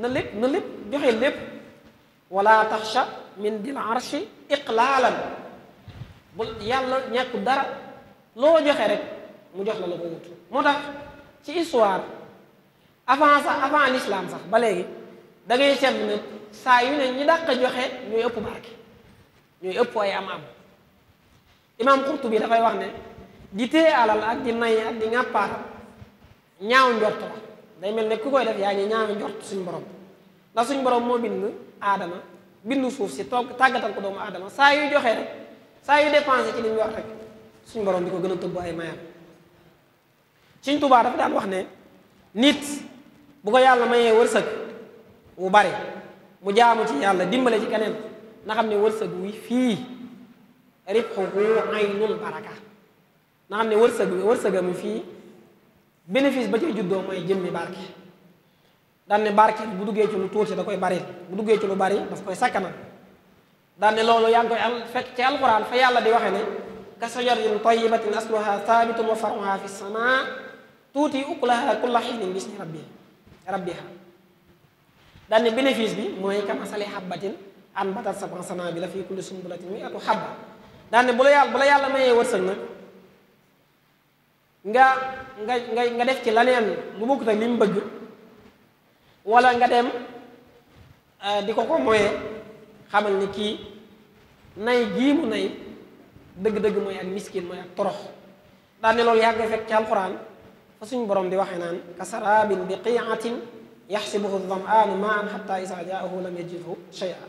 na lépp na lépp joxe lépp wala taxsha min dil arshi iqlaalan bu yàlla ñàkku dara loo joxe rek mu jox la la ko moo tax ci histoire avant sax avant l'islam sax ba léegi da ngay seetlu saa yu ne ñi dàq joxe ñooy ëpp barke ñooy ëpp ay am am imaam Qurtubi dafay wax ne di téye alal ak di nay ak di ŋàppaat ñaaw njort la day mel ne ku koy def yaa ngi ñaaw njort suñ borom ndax suñ borom moo bind aadama bindu suuf si toog tàggatal ko doomu aadama saa yu joxe rek saa yu dépensé ci li ñu wax rek suñ borom di ko gën a tëbb ay mayam suñ tubaa dafa daan wax ne nit bu ko yàlla mayee wërsëg wu bari mu jaamu ci yàlla dimbale ci keneen na xam ne wërsëg wi fii ribxuhu aynul baraka nga xam ne wërsëg wërsëgamu fii bénéfice ba cay juddoo mooy jëmmi barke daan ne barke bu duggee ci lu tuuti da koy bari bu duggee ci lu bari daf koy sakkanal daan ne loolu yaa ngi koy am fekk ci alquran fa yàlla di waxe ne ka sajaratin tayyibatin asluha thabitun wa faruha fi samaa tuuti ukulaha kulla xiinin bi ismi rabbi rabbiha daan ne bénéfice bi mooy kamasali habbatin anbatat sab'a sanabila fi kulli sumbulatin mi'atu habba daan ne bu la nga nga nga def ci laneen lu bokkut ak li mu bëgg wala nga dem euh, di ko ko moyee xamal ni kii nay gii mu nay dëgg-dëgg mooy ak miskin mooy ak torox daane loolu yàgg fekk ci alxuraan fa suñu borom di waxee naan ka saraabin bi qiatin yaxsibuhu damaanu maan xata isa jaahu lam yajidhu shay'a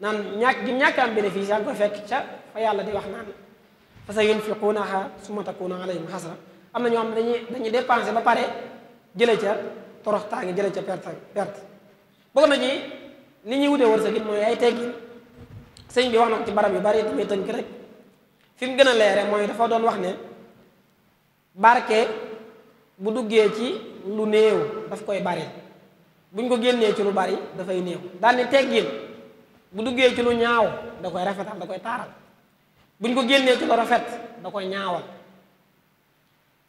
naan ñàkk gi ñàkk am bénéfice yaa ngi ko fekk ca fa yàlla di wax naan fa sa yunfiquunaha summa takuuna alayhim xasra am na ñoo xam ne dañuy dañuy dépensé ba pare jëlee ca toroxtaange jëlee ca perte perte bokk na ci li ñuy wutee wërsëg it mooy ay teggin sëñ bi wax na ko ci barab yu bari damay tënk rek fi mu gën a leere mooy dafa doon wax ne barke bu duggee ci lu néew daf koy bari buñ ko génnee ci lu bari dafay néew daal ni teggin bu duggee ci lu ñaaw da koy rafetal da koy taaral buñ ko génnee ci lu rafet da koy ñaawal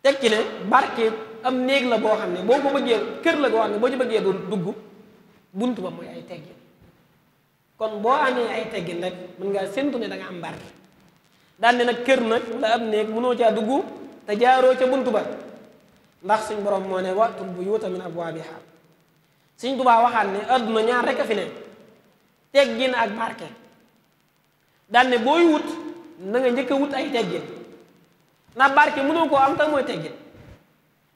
teg ci ne barke am néeg la boo xam ne boo ko bëggee kër la boo xam ne boo ci bëggee du dugg buntu ba mooy ay teggin kon boo amee ay teggin rek mën nga séntu ne da am barke daal ne nag kër na la am néeg mënoo caa duggu te jaaroo ca buntu ba ndax suñ borom moo ne watul buyuuta min abwaabiha suñ tubaa waxaat ne adduna ñaar rek a fi teg teggin ak barke daal ne booy wut na nga njëkk a wut ay teggin ndax barke mënoo koo am tax mooy teggin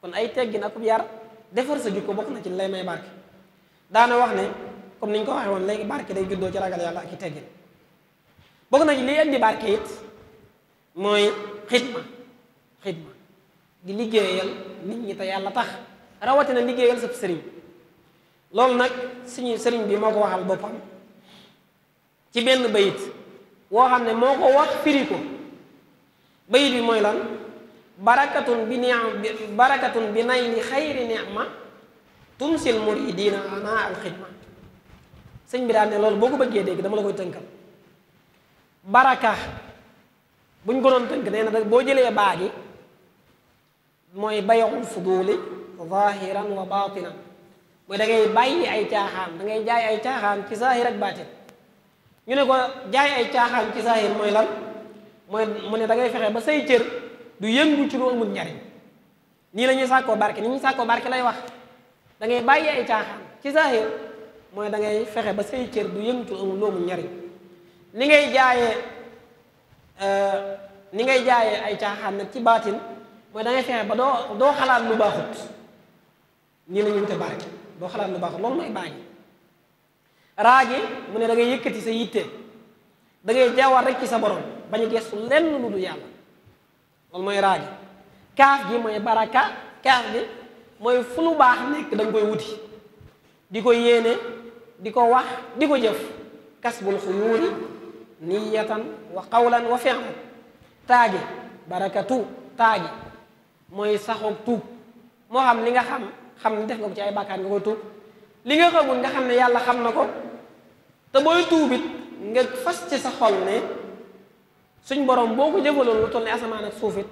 kon ay teggin akub yar defar sa jikko bokk na ci lay may barke daana wax ne comme niñ ko waxee woon léegi barke day juddoo ci ragal yàlla ak i teggin bokk na ci liy indi barke it mooy xidma xidma di liggéeyal nit ñi te yàlla tax rawatina liggéeyal sa sëriñ loolu nag suñu sëriñ bi moo ko waxal boppam ci benn bayit woo xam ne moo ko wax firi ko bayit bi mooy lan barakatun bi nia barakatun bi nay li xayri nicma tumsil muridina ana al xidma sëñ bi daal loolu boo ko bëggee dégg dama la koy tënkal baraka buñ ko doon tënk nee na boo jëlee baa gi mooy bayul fuduli zahiran wa batinan mooy da ngay bàyyi ay caaxaan da ngay jaay ay caaxaan ci zahir ak baatin ñu ne ko jaay ay caaxaan ci saahir mooy lan mooy mu ne da ngay fexe ba say cër du yëngu ci lu amul njariñ nii la ñuy sàkkoo barke ni ñuy lay wax da ngay bàyyi ay caaxaan ci saahir mooy da ngay fexe ba say cër du yëngu ci njariñ ni ngay jaayee eh, ni ngay jaayee ay caaxaan nag ci baatin mooy da ngay fexe ba doo doo xalaat lu baaxut nii la ñuy wute doo xalaat lu baaxut loolu mooy bàyyi raaje mu ne dangay ngay yëkkati sa yitte da jawar jaawaat rek ci sa borom bañ a gestu lenn lu dul yàlla loolu mooy raaje kaaf gi mooy baraka kaaf gi mooy fu lu baax nekk da koy wuti di ko yéene di ko wax di ko jëf kasbul xuyuuri niyatan wa qawlan wa fi'lan taage barakatu taage mooy saxoog tuub moo xam li nga xam xam ni def nga ko ci ay bàkkaar nga koy tuub li nga xamul nga xam ne yàlla xam na ko te booy tuubit nga fas ci sa xol ne suñ borom boo ko jëfaloon lu toll ne asamaan ak suufit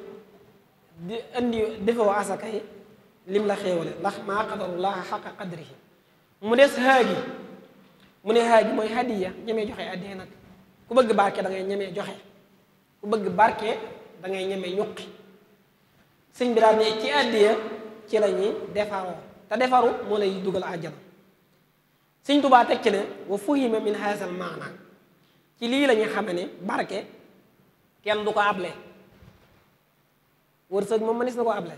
di indi defoo asaka yi lim la xéewale ndax maa qadarullah xaqa qadrihi mu des haagi mu ne haagi mooy hadiya ñemee joxe addiya nag ku bëgg barke da ngay ñemee joxe ku bëgg barke da ngay ñemee ñuqi sëñ bi daal ci addiya ci la ñuy defaroo te defaru moo lay dugal àjjana sëñ tubaa teg ci ne wa fuhima min haasal maana ci lii la ñu xame barke kenn du ko able wërsëg moom mënees na ko able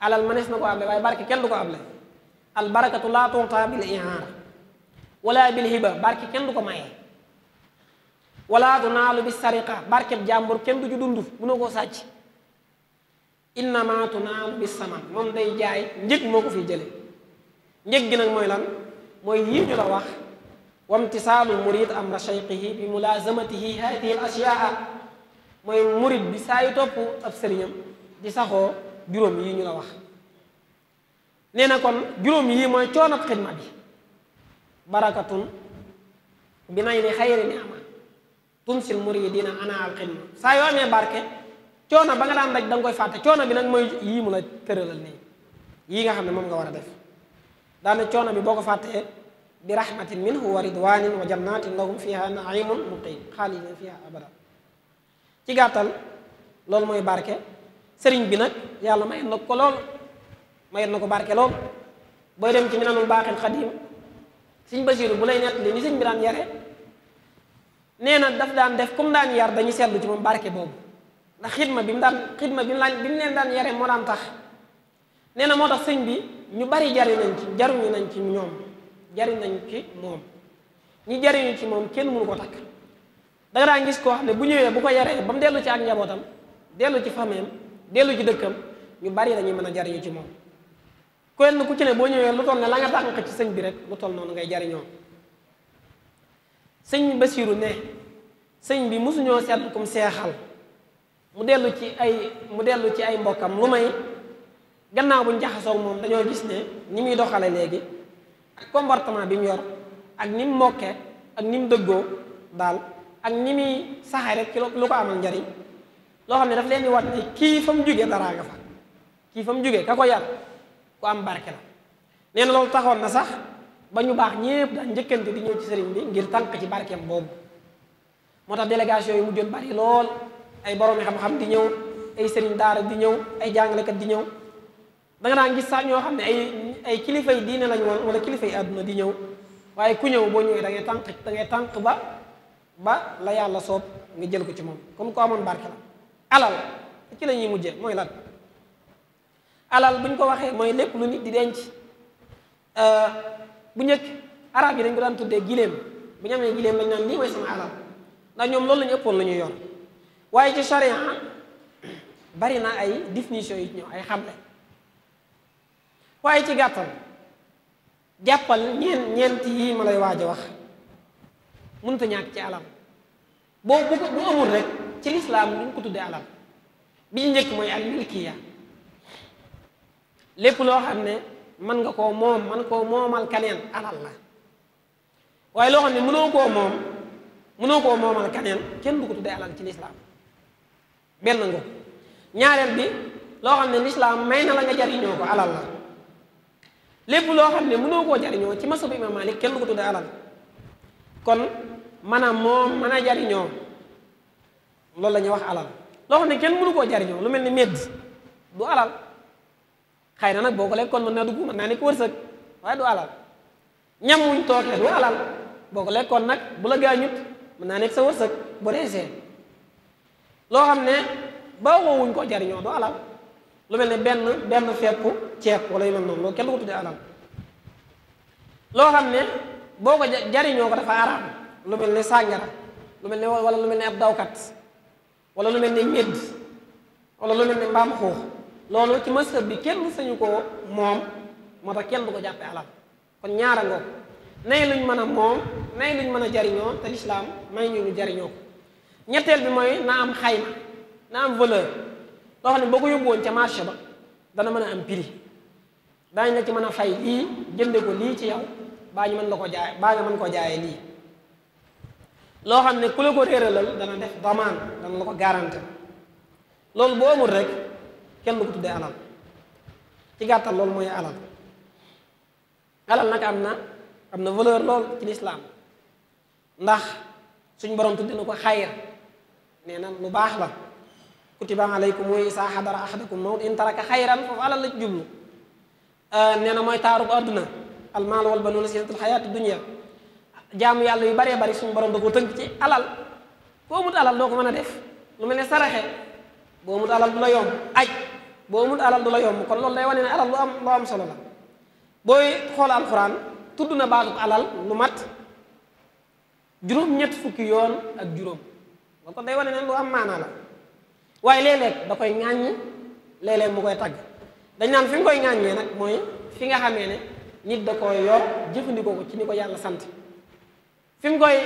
alal mënees na ko able waaye barke kenn du ko able al barakatu laa tuuta bil ihaara wala bil hiba barke kenn du ko maye wala tunaalu bi sariqa barkeb jàmbur kenn du ju dund mënoo koo sàcc innama tunaalu bi saman moom day jaay njëg moo ko fi jële njëg gi nag mooy lan mooy yii ñu la wax wamtisaalu murid amra shayqihi bi mulazamatihi hadihi al ashiyaa mooy murid bi saa yu topp ab sëriñam di saxoo juróom yii ñu la wax nee na kon juróom yii mooy coonab xidma bi barakatun bi nay ni xayri ni ama tunsil muridina ana al xidma saa yoo amee barke coono ba nga daan daj da koy fàtte coono bi nag mooy yii mu la tëralal nii yii nga xam ne moom nga war a def daane coono bi boo ko fàttee bi rahmatin minhu wa ridwanin wa jannatin lahum fiha naimun muqim xaalidina fiha abada ci gàttal loolu mooy barke sëriñ bi nag yàlla ma na ko lool mayet na ko barke lool booy dem ci minanul baaxil xadim ba Basiiru bu lay nettali ni sëñ bi daan yare nee na daf daan def comme daan yar dañu seetlu ci moom barke boobu ndax xidma bi mu daan xidma bi mu laan bi leen daan yare moo daan tax nee na moo tax sëñ bi ñu bari jari nañ ci jaruñu nañ ci ñoom jari nañ ci moom ñi jariñu ci moom kenn mënu ko takk danga daa gis koo xam ne bu ñëwee bu ko yaree ba mu dellu ci ak njabootam dellu ci fameem dellu ci dëkkam ñu bari dañuy mën a jariñu ci moom kenn ku ci ne boo ñëwee lu toll ne la nga tànq ci sëñ bi rek lu toll noonu ngay jariñoo sëñ Basiiru ne sëñ bi mosuñoo seetlu kum seexal mu dellu ci ay mu dellu ci ay mbokkam lu may gannaaw bu ñu jaxasoo moom dañoo gis ne ni muy doxale léegi ak comportement bi mu yor ak ni mu mokkee ak ni mu dëggoo daal ak ni muy saxee rek ci lu ko amal njariñ loo xam ne daf leen di wat ne kii fa mu jugee daraa nga fa kii fa mu jugee ka ko yar ku am barke la nee na loolu taxoon na sax ba ñu baax ñépp daan njëkkante di ñëw ci sëriñ bi ngir tànk ci barkeem boobu moo tax délégation yi mu jot bari lool ay boroomi xam-xam di ñëw ay sëriñ daara di ñëw ay jàngalekat di ñëw da nga daan gis sax ñoo xam ne ay ay kilifa yi diine lañ woon wala kilifa yi àdduna di ñëw waaye ku ñëw boo ñëwee da ngay tànq da ngay tànq ba ba la yàlla soob nga jël ko ci moom comme ko amoon barke la alal ci la ñuy mujjee mooy lan alal bu ko waxee mooy lépp lu nit di denc euh, bu njëkk arab yi dañ ko daan tuddee gileem bu ñu amee lañ naan lii mooy sama ndax ñoom loolu la ñu la ñuy yor waaye ci charia bari na ay définition yi ñëw ay xamle waaye ci gàttal jàppal ñeent ñeent yii ma lay waaj wax mënut a ci alal boo bu bu amul rek ci lislaam duñ ko tuddee alal bi ñu njëkk mooy al milkiya lépp loo xam ne mën nga koo moom mën koo moomal kaneen alal la waaye loo xam ne mënoo koo moom mënoo koo moomal kaneen kenn du ko tuddee alal ci lislaam benn nga ñaareel bi loo xam ne lislaam may na la nga jariñoo ko alal la lépp loo xam ne mënoo koo jariñoo ci masabu imam malik kenn du ko tuddee alal kon mën a moom jariñoo loolu la ñuy wax alal loo xam ne kenn mënu koo jariñoo lu mel ni medd du alal xëy na nag boo ko lekk kon mën naa dugg mën naa nekk wërsëg waaye du alal ñam wuñ alal boo ko lekkoon nag bu la gaañut mën naa nekk sa wërsëg loo xam ne baaxoo wuñ koo jariñoo du alal lu mel ne benn benn fekku ceeb wala yu mel noonu loolu kenn du ko tuddee alal loo xam ne boo ko jariñoo ko dafa araam lu mel ne sàngara lu mel ne wala lu mel ne ab dawkat wala lu mel ne ñedd walla lu mel ne mbaam xuux loolu ci masab bi kenn sañu koo moom moo tax kenn du ko jàppee alal kon ñaara ngoo nay luñ mën a moom nay luñ mën a jariñoo te lislaam may ñu ñu jariñoo ko ñetteel bi mooy na am xayma na am valeur loo xam ne boo ko yóbbu woon ca marché ba dana mën a am prix daañu la ci mën a fay lii jënde ko lii ci yow baa ñu mën la ko jaay baa nga mën koo jaayee lii loo xam ne ku la ko réeralal dana def damaan dana la ko garanti loolu boo amul rek kenn du ko tuddee alal ci gàttal loolu mooy alal alal nag am na am na valeur lool ci lislam ndax suñ borom tudde na ko xayr nee na lu baax la kutiba alaykum wa isa xadara ahadakum mawt in taraka xayran foofu alal la ci jublu euh, nee na mooy taarub àdduna almaal wal banuuna zinatul xayaati dunya jaamu yàlla yu baree bari suñu borom da ko tënk ci alal boo amut alal doo ko mën a def lu mel ne saraxe boo amut alal du la yomb aj boo amut alal du la yomb kon lool day wane ne alal lu am solo la booy xool alxuraan tudd na baatub alal lu mat juróom-ñett fukki yoon ak juróom kon day wane ne lu am waaye léeg-léeg da koy ŋàññi léeg mu koy tagg dañ naan fi nga koy ŋàññee nag mooy fi nga xamee ne nit da koo yor jëfandikoo ko ci ni ko yàlla sant fi mu koy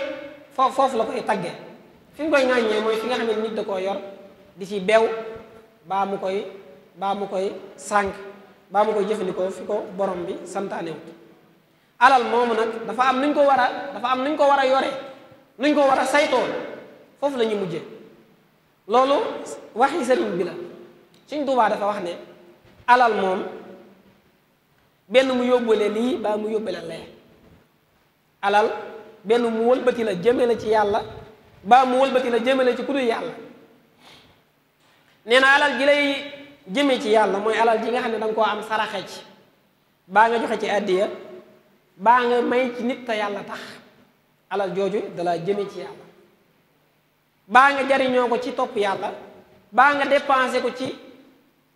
foofu la koy taggee fi mu koy ŋàññee mooy fi nga xam ne nit da koy yor di ci beew baa mu koy baa mu koy sànq baa mu koy jëfandikoo fi ko borom bi santaanewut alal moomu nag dafa am nuñ ko war a dafa am nuñ ko war a yoree nuñ ko war a saytoo foofu la ñu mujjee loolu waxi sëriñ bi la suñ Tuubaa dafa wax ne alal moom benn mu yóbbale lii baa mu yóbbale lee alal benn mu wëlbati la jëme la ci yàlla baa mu wëlbati la jëme la ci kudu yàlla nee na alal ji lay jëme ci yàlla mooy alal ji nga xam ne danga koo am saraxe ci baa nga joxe ci àddiya baa nga may ci nit te yàlla tax alal jooju dalaa jëme ci yàlla baa nga jariñoo ko ci topp yàlla baa nga dépensé ko ci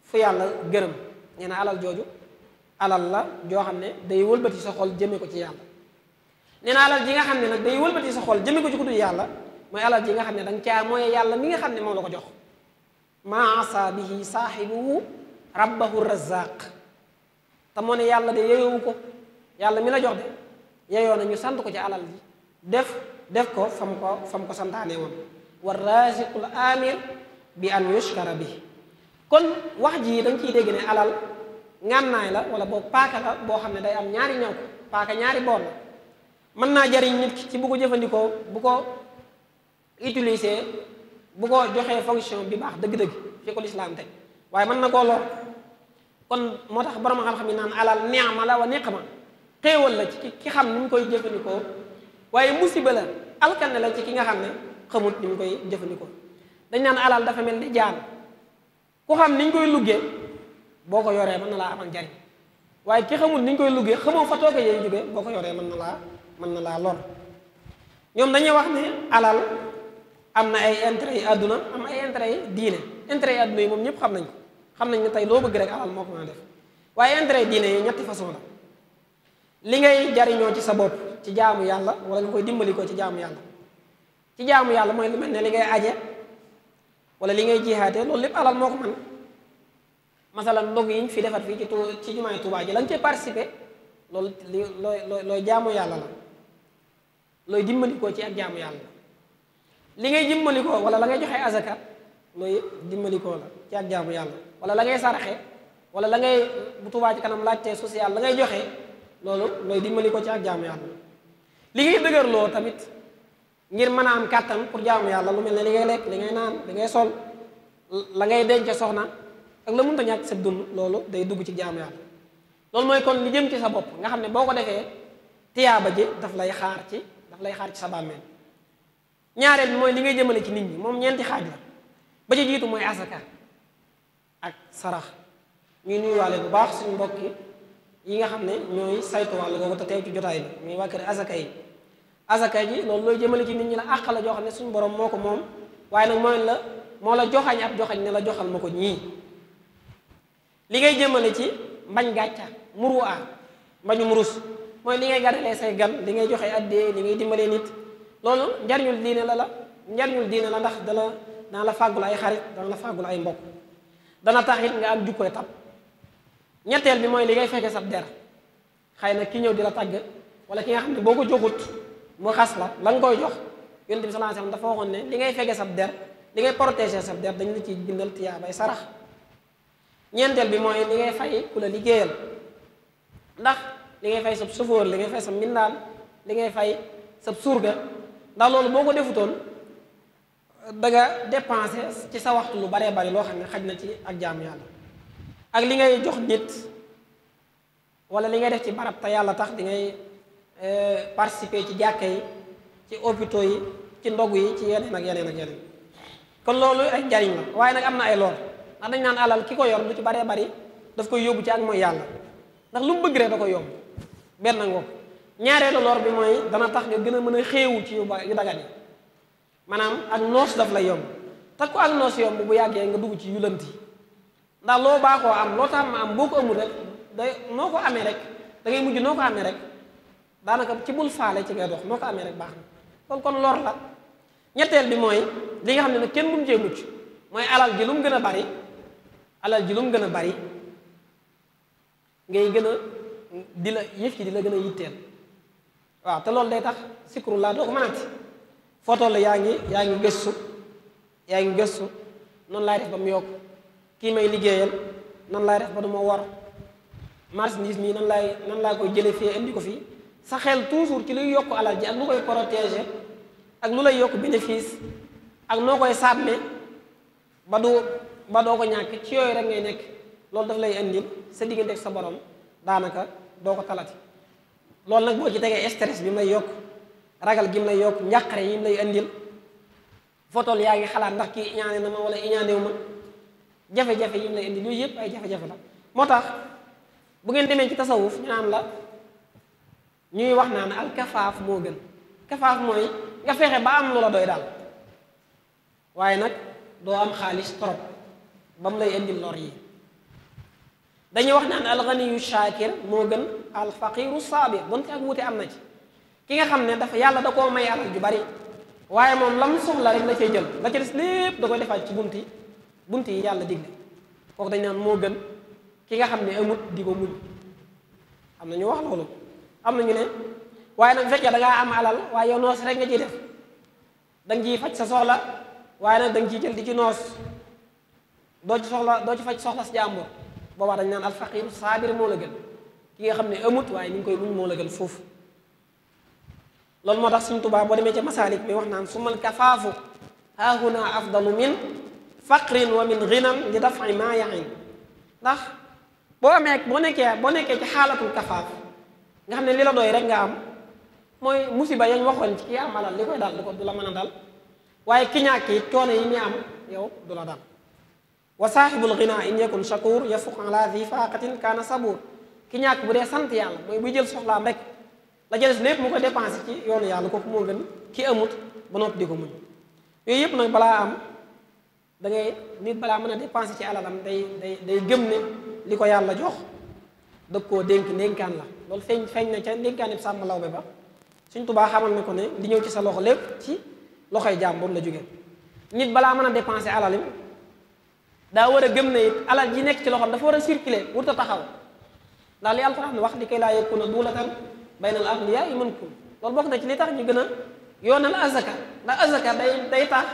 fu yàlla gërëm nee alal jooju alal la joo xam ne day wëlbati sa xol jëme ko ci yàlla nee alal ji nga xam ne nag day wëlbati sa xol jëme ko ci ku dul yàlla mooy alal ji nga xam ne danga caa mooy yàlla mi nga xam ne moom la ko jox maa asaa bihi saaxibuhu rabbahu razaq te moo ne yàlla de yeyowu ko yàlla mi la jox de yeyoo na ñu sant ko ci alal ji def def ko fam ko fam ko santaane woon wa raziqul amir bi an yushkara bi kon wax ji dañ ciy dégg ne alal ngànnaay la wala boog paaka la boo xam ne day am ñaari ñaw paaka ñaari boor la mën naa jariñ nit ki ci bu ko jëfandikoo bu ko utiliser bu ko joxee fonction bi baax dëgg-dëgg fi ko lislaam teg waaye mën na koo lor kon moo tax borom xam-xam yi naan alal ma la wa niqma xéewal la ci ki xam ni koy jëfandikoo waaye musiba la alkane la ci ki nga xam ne xamut ni mu koy jëfandikoo dañ naan alal dafa mel ni jaan ku xam ni ñu koy luggee boo ko yoree mën na laa amal njariñ waaye ki xamut ni ñu koy luggee xamoo fa tooke yéen jógee boo ko yoree mën na laa mën na laa lor ñoom dañuy wax ne alal am na ay intérêt yi àdduna am ay intérêt yi diine intérêt yi àdduna yi moom ñëpp xam nañ ko xam nañ ne tey loo bëgg rek alal moo ko mën def waaye entre yi diine yi ñetti façon la li ngay jariñoo ci sa bopp ci jaamu yàlla wala nga koy dimbali ko ci jaamu yàlla ci jaamu yàlla mooy lu mel ne li ngay aje wala li ngay jihaate loolu lépp alal moo ko mën masalan ndog yiñ fi defar fii ci ci jumaay Tuubaa ji la nga cee participer loolu li looy looy jaamu yàlla la looy dimbalikoo ci ak jaamu yàlla li ngay dimbalikoo wala la ngay joxe azaka looy dimbalikoo la ci ak jaamu yàlla wala la ngay saraxe wala la ngay bu kanam laajte social la ngay joxe loolu looy dimbalikoo ci ak jaamu yàlla li ngay dëgërloo tamit ngir mën a am kàttan pour jaamu yàlla lu mel ne li ngay lekk li ngay naan li ngay sol la ngay denc soxna ak la mënta ñàkk set dund loolu day dugg ci jaamu yàlla loolu mooy kon li jëm ci sa bopp nga xam ne boo ko defee tiyaaba ji daf lay xaar ci daf lay xaar ci sa bàmmeel ñaareel bi mooy li ngay jëmale ci nit ñi moom ñeenti xaaj la ba ci jiitu mooy asaka ak sarax ñuy nuyuwaale bu baax suñu mbokki yi nga xam ne ñooy saytu wàll googu te teew ci jotaay bi muy waa kër asaka yi azaka ji loolu looy jëmale ci nit ñi la àq la joo xam ne suñu borom moo ko moom waaye nag mooy la moo la joxañ ab joxañ ne la joxal ma ko ñii li ngay jëmale ci mbañ gàcca muru a mbañum rus mooy li ngay gàttalee say gan li ngay joxe addee li ngay dimbalee nit loolu njariñul diine la la njariñul diine la ndax dala dana la fàggul ay xarit dana la fàggul ay mbokk dana tax nga am jukkoy tab ñetteel bi mooy li ngay fekkee sab der xëy na ki ñëw di la mu xas la la nga koy jox yonent bi sallallahu alayhi wasallam dafa waxoon ne li ngay fege sab der li ngay protéger sab der dañ la ciy bindal tiyaabay sarax ñeenteel bi mooy li ngay fay ku la liggéeyal ndax li ngay fay sab sofóor li ngay fay sab mbindaan li ngay fay sab surga ndax loolu boo ko defutoon da nga dépensé ci sa waxtu lu baree bari loo xam ne xaj na ci ak jaamu yàlla ak li ngay jox nit wala li ngay def ci barab te yàlla tax di ngay Euh, participer ci jàkka yi ci hôpitaux yi ci ndog yi ci yeneen ak yeneen ak yeneen kon loolu ay njariñ la waaye nag am na ay lool ndax dañ naan alal ki ko yor lu ci baree bari daf koy yóbbu ci ak mooy yàlla ndax lu mu bëgg rek da koy yóbbu benn ngoog ñaareelu lor bi mooy dana tax nga gën a mën a xéewu ci yu ba yu dagat yi maanaam ak noos daf lay yomb te ko ak noos yomb bu yàggee nga dugg ci yu lënt yi ndax loo baaxoo am loo tax ma am boo ko amul rek day noo ko amee rek da ngay mujj noo ko amee rek daanaka ci bul faale ci ngay dox moo ko amee rek baax na kon kon lor la ñetteel bi mooy li nga xam ne nag kenn mum cee mucc mooy alal ji lu mu gën a bari alal ji lu mu gën a bari ngay gën a di la yëf ci di la gën a yitteel waaw te loolu day tax sikru laa doo ko mënati foo toll yaa ngi yaa ngi gëstu yaa ngi gëstu noonu laay def ba mu yokk kii may liggéeyal nan laay def ba du ma war marchandise mii nan laay nan laa koy jële fii indi ko fii sa xel jours ci luy yokk alal ji ak lu koy protéger ak lu lay yokk bénéfice ak noo koy sàmme ba du ba doo ko ñàkk ci yooyu rek ngay nekk loolu daf lay indil sa diggante ak sa borom daanaka doo ko talati loolu nag boo ci tegee stress bi mu lay yokk ragal gi mu lay yokk njàqare yi mu lay indil fotol yaa ngi xalaat ndax kii iñaane na ma wala iñaanewu ma jafe-jafe yi mu lay indil yooyu yëpp ay jafe-jafe la moo tax bu ngeen demee ci tasawuf ñu naan la ñuy wax naan alkafaaf moo gën kafaaf mooy nga fexe ba am lu la doy daal waaye nag doo am xaalis trop ba mu lay indi lor yi dañuy wax naan alxaniyu shaakir moo gën alfaqiru saabir donte ak wuute am na ci ki nga xam ne dafa yàlla da koo may alal ju bari waaye moom lam soxla rek la see jël la ca des lépp da koy defaat ci bunti bunti yi yàlla digle kooku dañ naan moo gën ki nga xam ne amut di ko muñ am na ñu wax loolu am na ñu ne waaye nag bu fekkee da am alal waaye yow noos rek nga ciy def da nga ciy faj sa soxla waaye nag da nga ciy jël di ci noos doo ci soxla doo ci faj soxla si jàmboo boobaa dañ naan alfaqiru saabir moo la gën ki nga xam ne amut waaye ni ngi koy muñ moo la gën foofu loolu moo tax suñu tubaab boo demee ca masaalik mi wax naan sumal kafaafu haahuna afdalu min faqrin wa min ginan li dafi maa yain ndax boo amee boo nekkee boo nekkee ci xaalatul nga xam ne li la doy rek nga am mooy musiba yañ waxoon ci kii am alal li koy dal du ko du la mën a dal waaye ki ñàkk yi coono yi muy am yow du la dal wa saaxibul xinaa in yakun shakur yafuq si di faaqatin kaana sabuur ki ñàkk bu dee sant yàlla mooy buy jël am rek la jëles lépp mu ko dépensé ci yoonu yàlla kooku moo gën ki amut ba noppi di ko muñ yooyu yëpp nag balaa am da ngay nit balaa mën a dépensé ci alalam day day day gëm ne li ko yàlla jox dëgg koo dénk ndénkaan la loolu feeñ feeñ na ca ndénkaanib sàmm lawbe ba suñ tubaa xamal na ko ne li ñëw ci sa loxo lépp ci loxoy jàmbur la jóge nit balaa mën a dépenser alalim daa war a gëm ne it alal yi nekk ci loxoom dafa war a circuler wut a taxaw ndax li alxuraan wax li kay laa yakuna duulatan baynal aghniyaa'i minkum loolu bokk na ci li tax ñu gën a yoonal azaka ndax azaka day day tax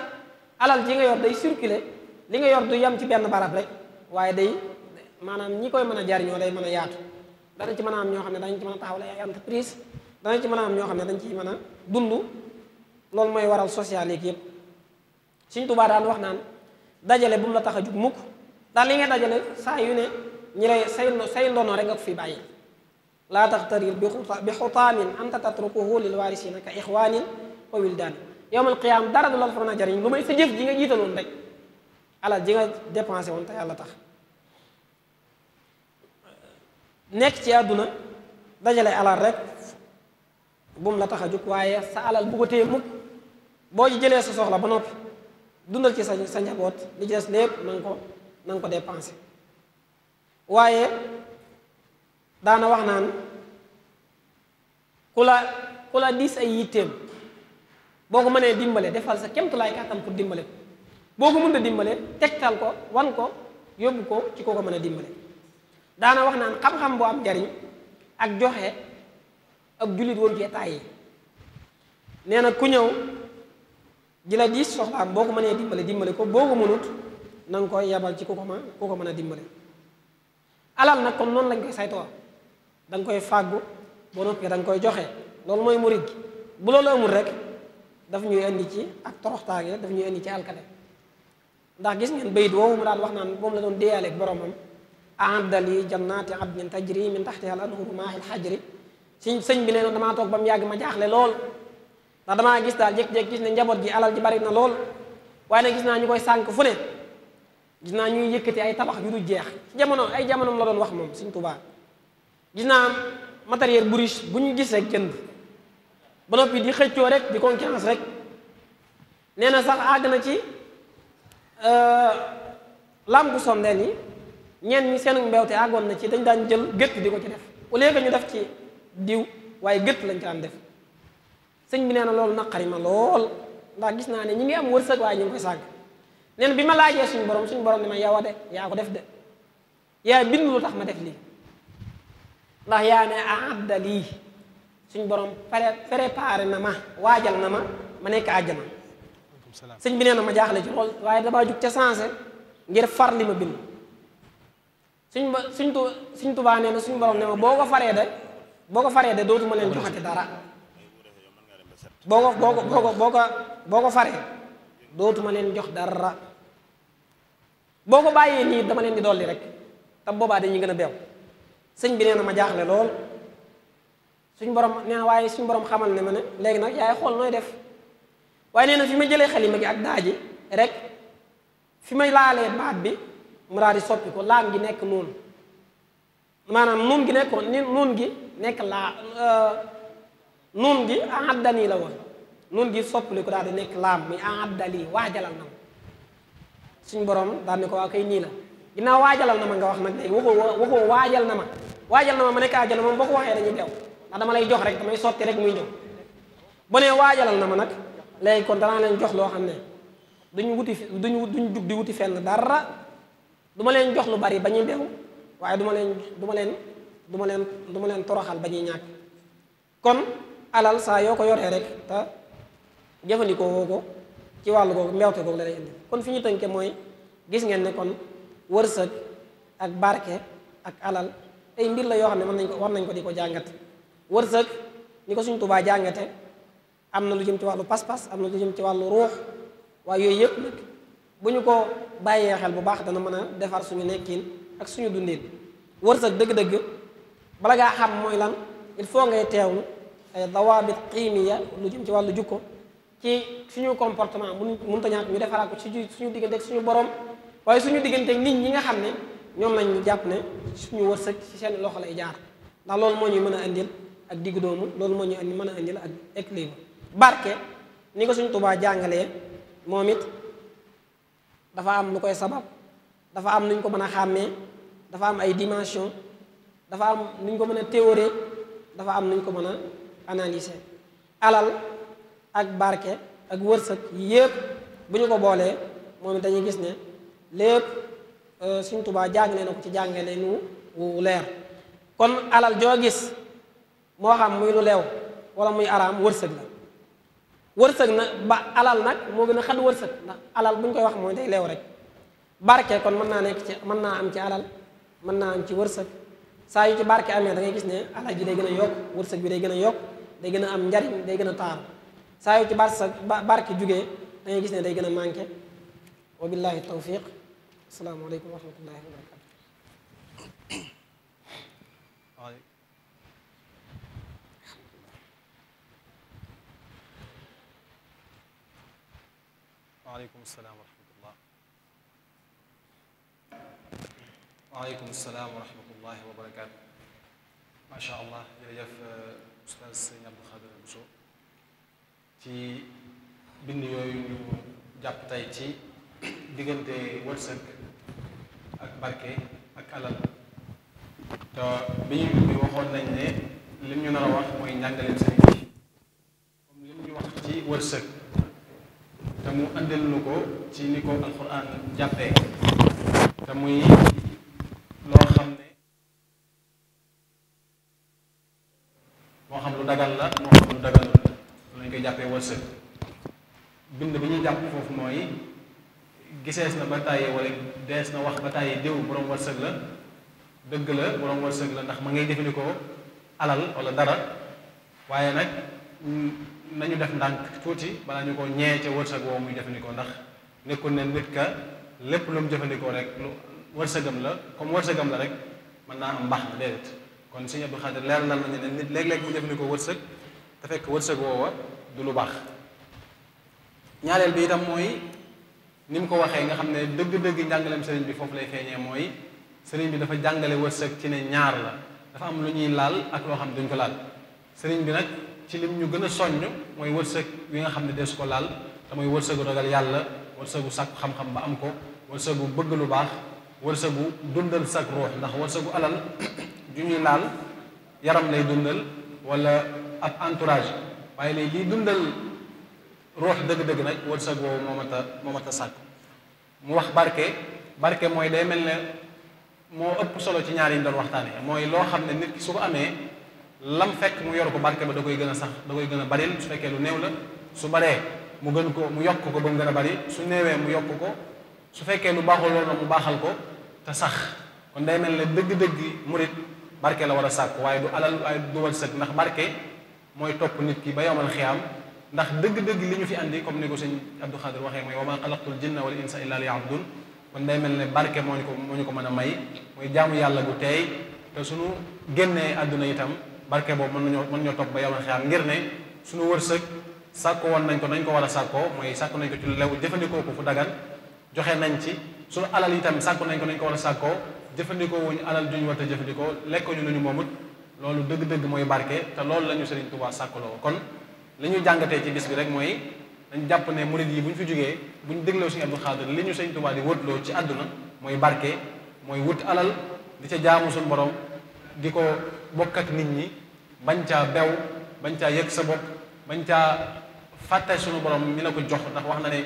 alal ji nga yor day circuler li nga yor du yem ci benn barab rek waaye day maanaam ñi koy mën a jariñoo day mën a yaatu danañ ci mën a am ñoo xam ne dañ ci mën a taxawal ay entreprise danañ ci mën a am ñoo xam ne dañ ci mën a dund loolu mooy waral social yeeg yëpp Sëriñ Tuubaa daan wax naan dajale bu mu la tax a jug mukk daal li ngay dajale saa yu ne ñi lay say say ndono rek nga ko fi bàyyi laa taxtarir bi xutaamin anta tatrukuhu lil waarisina ka ixwaanin wa wildaan yowmal qiyaam dara du la fa mën a jariñ lu may sa jëf ji nga jiitaloon rek alal ji nga dépensé woon te yàlla tax nekk ci àdduna dajale alal rek bum la tax a jóg waaye sa alal bu ko téye mukk boo ci jëlee sa soxla ba noppi dundal ci sa sa njaboot li ci des lépp na ko na nga ko dépensé waaye daana wax naan ku la ku la diis ay yitteem boo ko mënee dimbale defal sa kemtulaay kàttan pour dimbale boo ko mënta dimbale tegtal ko wan ko yóbbu ko ci koo ko mën a dimbale daana wax naan xam-xam bu am njariñ ak joxe ak jullit waru cee tàyyi nee na ku ñëw ji la diis soxlaam boo ko mënee dimbale dimbali ko boo ko mënut na nga koy yabal ci ku ko ma ku ko mën a dimbale alal nag kon noonu lañ koy saytoo da koy fàggu ba noppi da koy joxe loolu mooy murid gi bu loolu amul rek daf ñuy indi ci ak toroxtaange daf ñuy indi ci alkale ndax gis ngeen bayit woowu mu daan wax naan moom la doon déyaaleeg boromam aadda lii jannaati adnin tajri min taxtiha al anhuru maahil xajri siñ sëñ bi nee na damaa toog ba mu yàgg ma jaaxle lool ndax damaa gis daal jékki-jékki gis ne njaboot gi alal ji bari na lool waaye nag gis naa ñu koy sànk fu ne gis naa ñuy yëkkati ay tabax yu du jeex ci jamono ay jamonoom la doon wax moom Sëñ Tuubaa gis naa matériel bu riche bu ñu gis rek jënd ba noppi di xëccoo rek di concurrence rek nee na sax àgg na ci euh, làmpu sondeel yi ñeen ñenn seen seenu mbewte àggoon na ci dañ daan jël gétt di ko ci def au lieu que ñu def ci diw waaye gétt lañ ci daan def sëñ bi nee na loolu naqari ma lool ndax gis naa ne ñi ngi am wërsëg waaye ñu ngi koy neen bi ma laajee suñu borom suñu borom ne ma yow de yaa ko def de yaa bind ma def lii ndax yaa ne aadda lii suñu borom na ma waajal na ma ma nekk àjjana sëñ bi nee na ma jaaxle ci lool waaye damaa jug ca sensé ngir far li ma bind suñ ba suñ tu suñ tubaa nee na suñ borom ne boo ko faree de boo ko faree de dootuma leen joxati dara boo ko boo boo ko boo ko boo dootuma leen jox dara boo ko bàyyee nii dama leen di dolli rek te boobaa dañuy gën a beew sëñ bi nee na ma jaaxle lool suñ borom nee na waaye suñ borom xamal ne ma ne léegi nag yaay xool nooy def waaye nee na fi ma jëlee xalima gi ak daaji rek fi may laalee baat bi mu daal di soppi ko laam gi nekk nuun maanaam nuun gi nekkoon ni nuun gi nekk laa euh, nuun gi addanii la woon nuun gi soppali ko daal di nekk laam muy addali waajalal na ma suñ borom daan ne ko waa kay nii la ginnaaw waajalal na ma nga wax nag léegi waxoo waajal na ma waajal na ma ma nekk ajal moom boo ko waxee dañuy dew ndax dama lay jox rek damay sotti rek muy ñëw bu waajalal na ma nag léegi kon danaa leen jox loo xam ne duñu wuti duñu duñ jug di wuti fenn dara duma leen jox lu bari ba ñuy beew waaye duma leen du ma leen du ma leen du leen toroxal ba ñuy ñàkk kon alal saa yoo ko yoree rek te jëfandikoo woo ko ci wàllu googu mbewte googu la lay indi kon fi ñu tënke mooy gis ngeen ne kon wërsëg ak barke ak alal ay mbir la yoo xam ne mën nañ ko war nañ ko di ko jàngat wërsëg ñu ko suñ tubaa jàngate am na lu jëm ci wàllu pas-pas am na lu jëm ci wàllu ruux waaye yooyu yëpp nag bu ñu ko bàyyee xel bu baax dana mën a defar suñu nekkin ak suñu dundin wërsëg dëgg-dëgg bala ngaa xam mooy lan il faut ngay teewlu ay dawaabit qiimiya lu jëm ci wàllu jukko ci suñu comportement mun mënuta ñàkk ñu defaraat ko ci suñu diggante ak suñu borom waaye suñu diggante nit ñi nga xam ne ñoom lañu jàpp ne suñu wërsëg ci seen loxo lay jaar ndax loolu moo ñuy mën a indil ak digg doomu loolu moo ñuy mën a indil ak équilibre barke ni ko suñu Tuubaa jàngalee dafa am lu koy sabab dafa am nuñ ko mën a xàmmee dafa am ay dimension dafa am nuñ ko mën a théorie dafa am nuñ ko mën a analyser alal ak barke ak wërsëg yépp bu ñu ko boolee moom it dañuy gis ne lépp euh, Sëñ Tuubaa jàngale na ko ci jàngale nu wu leer kon alal joo gis moo xam muy lu leew wala muy araam wërsëg la wërsëg na ba alal nag moo gën a xat wërsëg ndax alal bu ñu koy wax mooy day leew rek barke kon mën naa nekk ci mën naa am ci alal mën naa am ci wërsëg saa yu ci barke amee dangay gis ne alal ji day gën a yokk wërsëg bi day gën a yokk day gën a am njariñ day gën a taar saa yu ci barke barke jugee da ngay gis ne day gën a manqué wa billahi tawfiq asalaamaaleykum wa rahmatullahi wa barakatu waaleykum salaam wa rahmatullah waaleykum salaam wa rahmatullahi wa barakaatu macha allah jërëjëf ustaz e, sëñ Abdou Khadir Bousso ci bind yooyu ñu jàpp tey ci diggante wërsëg ak barke ak alal te bi ñu bi waxoon nañ ne lim ñu nar a wax mooy njàngaleem sëñ bi comme lim ñu wax ci wërsëg te mu andil nu ko ci ni ko alxuraan jàppee te muy loo xam ne moo xam lu dagal la moo xam lu dagal la lañ koy jàppee wërsëg bind bi ñuy jàpp foofu mooy gisees na ba tàyyee wala dees na wax ba tàyyee diw boroom wërsëg la dëgg la boroom wërsëg la ndax ma ngay jëfandikoo alal wala dara waaye nag nañu def ndànk tuuti balaa ñu ko ñee ca wërsëg woo muy jëfandikoo ndax nekkul ne nit ka lépp lu mu jëfandikoo rek lu wërsëgam la comme wërsëgam la rek mën naa am mbaax na déedéet kon Sëriñ Abdul Xaadir leer na nañu ne nit léeg-léeg mu jëfandikoo wërsëg te fekk wërsëg woowa du lu baax ñaareel bi itam mooy ni mu ko waxee nga xam ne dëgg-dëgg njàngaleem sëriñ bi foofu lay feeñee mooy sëriñ bi dafa jàngale wërsëg ci ne ñaar la dafa am lu ñuy laal ak loo xam duñ ko laal sëriñ bi nag ci lim ñu gën a soññ mooy wërsëg wi nga xam ne dees ko laal te mooy wërsëgu ragal yàlla wërsëgu sàkk xam-xam ba am ko wërsëgu bëgg lu baax wërsëgu dundal sag ruux ndax wërsëgu alal ju ñuy laal yaram lay dundal walla ab entourage waaye léegi liy dundal ruux dëgg-dëgg nag wërsëg woowu moo mat a moo mat a sàkk mu wax barke barke mooy day mel ne moo ëpp solo ci ñaari yi ñu doon waxtaane mooy loo xam ne nit ki su ko amee lam fekk mu yor ko barke ba da koy gën a sax da koy gën a baril su fekkee lu neew la su baree mu gën ko mu yokk ko ba mu gën a bari su neewee mu yokk ko su fekkee lu baaxul loolu la mu baaxal ko te sax kon day mel ne dëgg-dëgg murit barke la war a sàkk waaye du alal waaye du wërsëg ndax barke mooy topp nit ki ba yowmal xiyaam ndax dëgg-dëgg li ñu fi andi comme ni ko sëñ Abdou Khadir waxee mooy wa maa xalaqtul jinna wal insa illa liya'budun kon day mel ne barke moo ñu ko moo ñu ko mën a may mooy jaamu yàlla gu teey te suñu génnee àdduna itam barke boobu mën nañoo mën nañoo topp ba yomal xiyaam ngir ne suñu wërsëg sàkko woon nañ ko nañ ko war a sàkkoo mooy sàkko nañ ko ci lew jëfandikoo ko fu dagan joxe nañ ci suñu alal yi tam sàkko nañ ko nañ ko war a sàkkoo jëfandikoo wuñu alal juñ war a jëfandikoo lekk ñu lu ñu loolu dëgg-dëgg mooy barke te loolu la ñu Sëriñ Tuubaa sàkkuloo kon li ñu jàngatee ci bis bi rek mooy dañ jàpp ne murid yi bu ñu fi jógee bu ñu dégloo Sëriñ Abdul Xaadir li ñu Sëriñ Tuubaa di wëtloo ci àdduna mooy barke mooy wut alal di ca jaamu suñu borom di ko bokk ak nit ñi bañ caa bew bañ caa yëg sa bopp bañ caa fàtte suñu borom mi la ko jox ndax wax na ne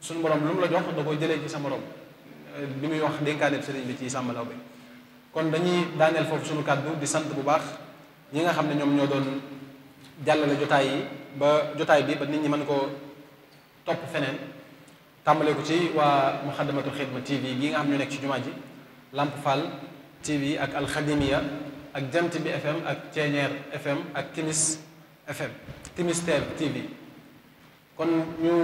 suñu borom lu mu la jox da koy jëlee ci sa borom li muy wax dénkaaneb sëriñ bi ci sàmmalaw bi kon dañuy daaneel foofu sunu kàddu di sant bu baax ñi nga xam ne ñoom ñoo doon jàllale jotaay yi ba jotaay bi ba nit ñi mën koo topp feneen tàmbaleeku ci waa Muxaddamatul Xidma TV gi nga xam ñu nekk ci jumaa ji Lamp Fall TV ak Alxadimiya ak jant bi fm ak ceeñeer fm ak timis fm timis tv kon ñu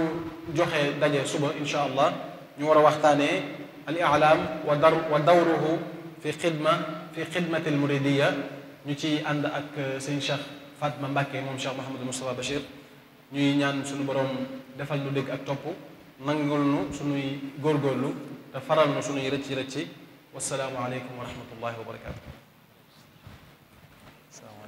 joxe daje suba insha allah ñu war a waxtaanee al i'lam wa dar wa dawruhu fi xidma fi xidmati al muridiya ñu ci ànd ak euh, sëñ Cheikh Fatma Mbàkke moom Cheikh Mouhamadou Moustapha Bachir ñuy ñaan suñu borom defal nu dégg ak topp nangul nu suñuy góorgóorlu te faral nu suñuy rëcci rëcci wassalaamu aleykum wa rahmatullahi wa barakatu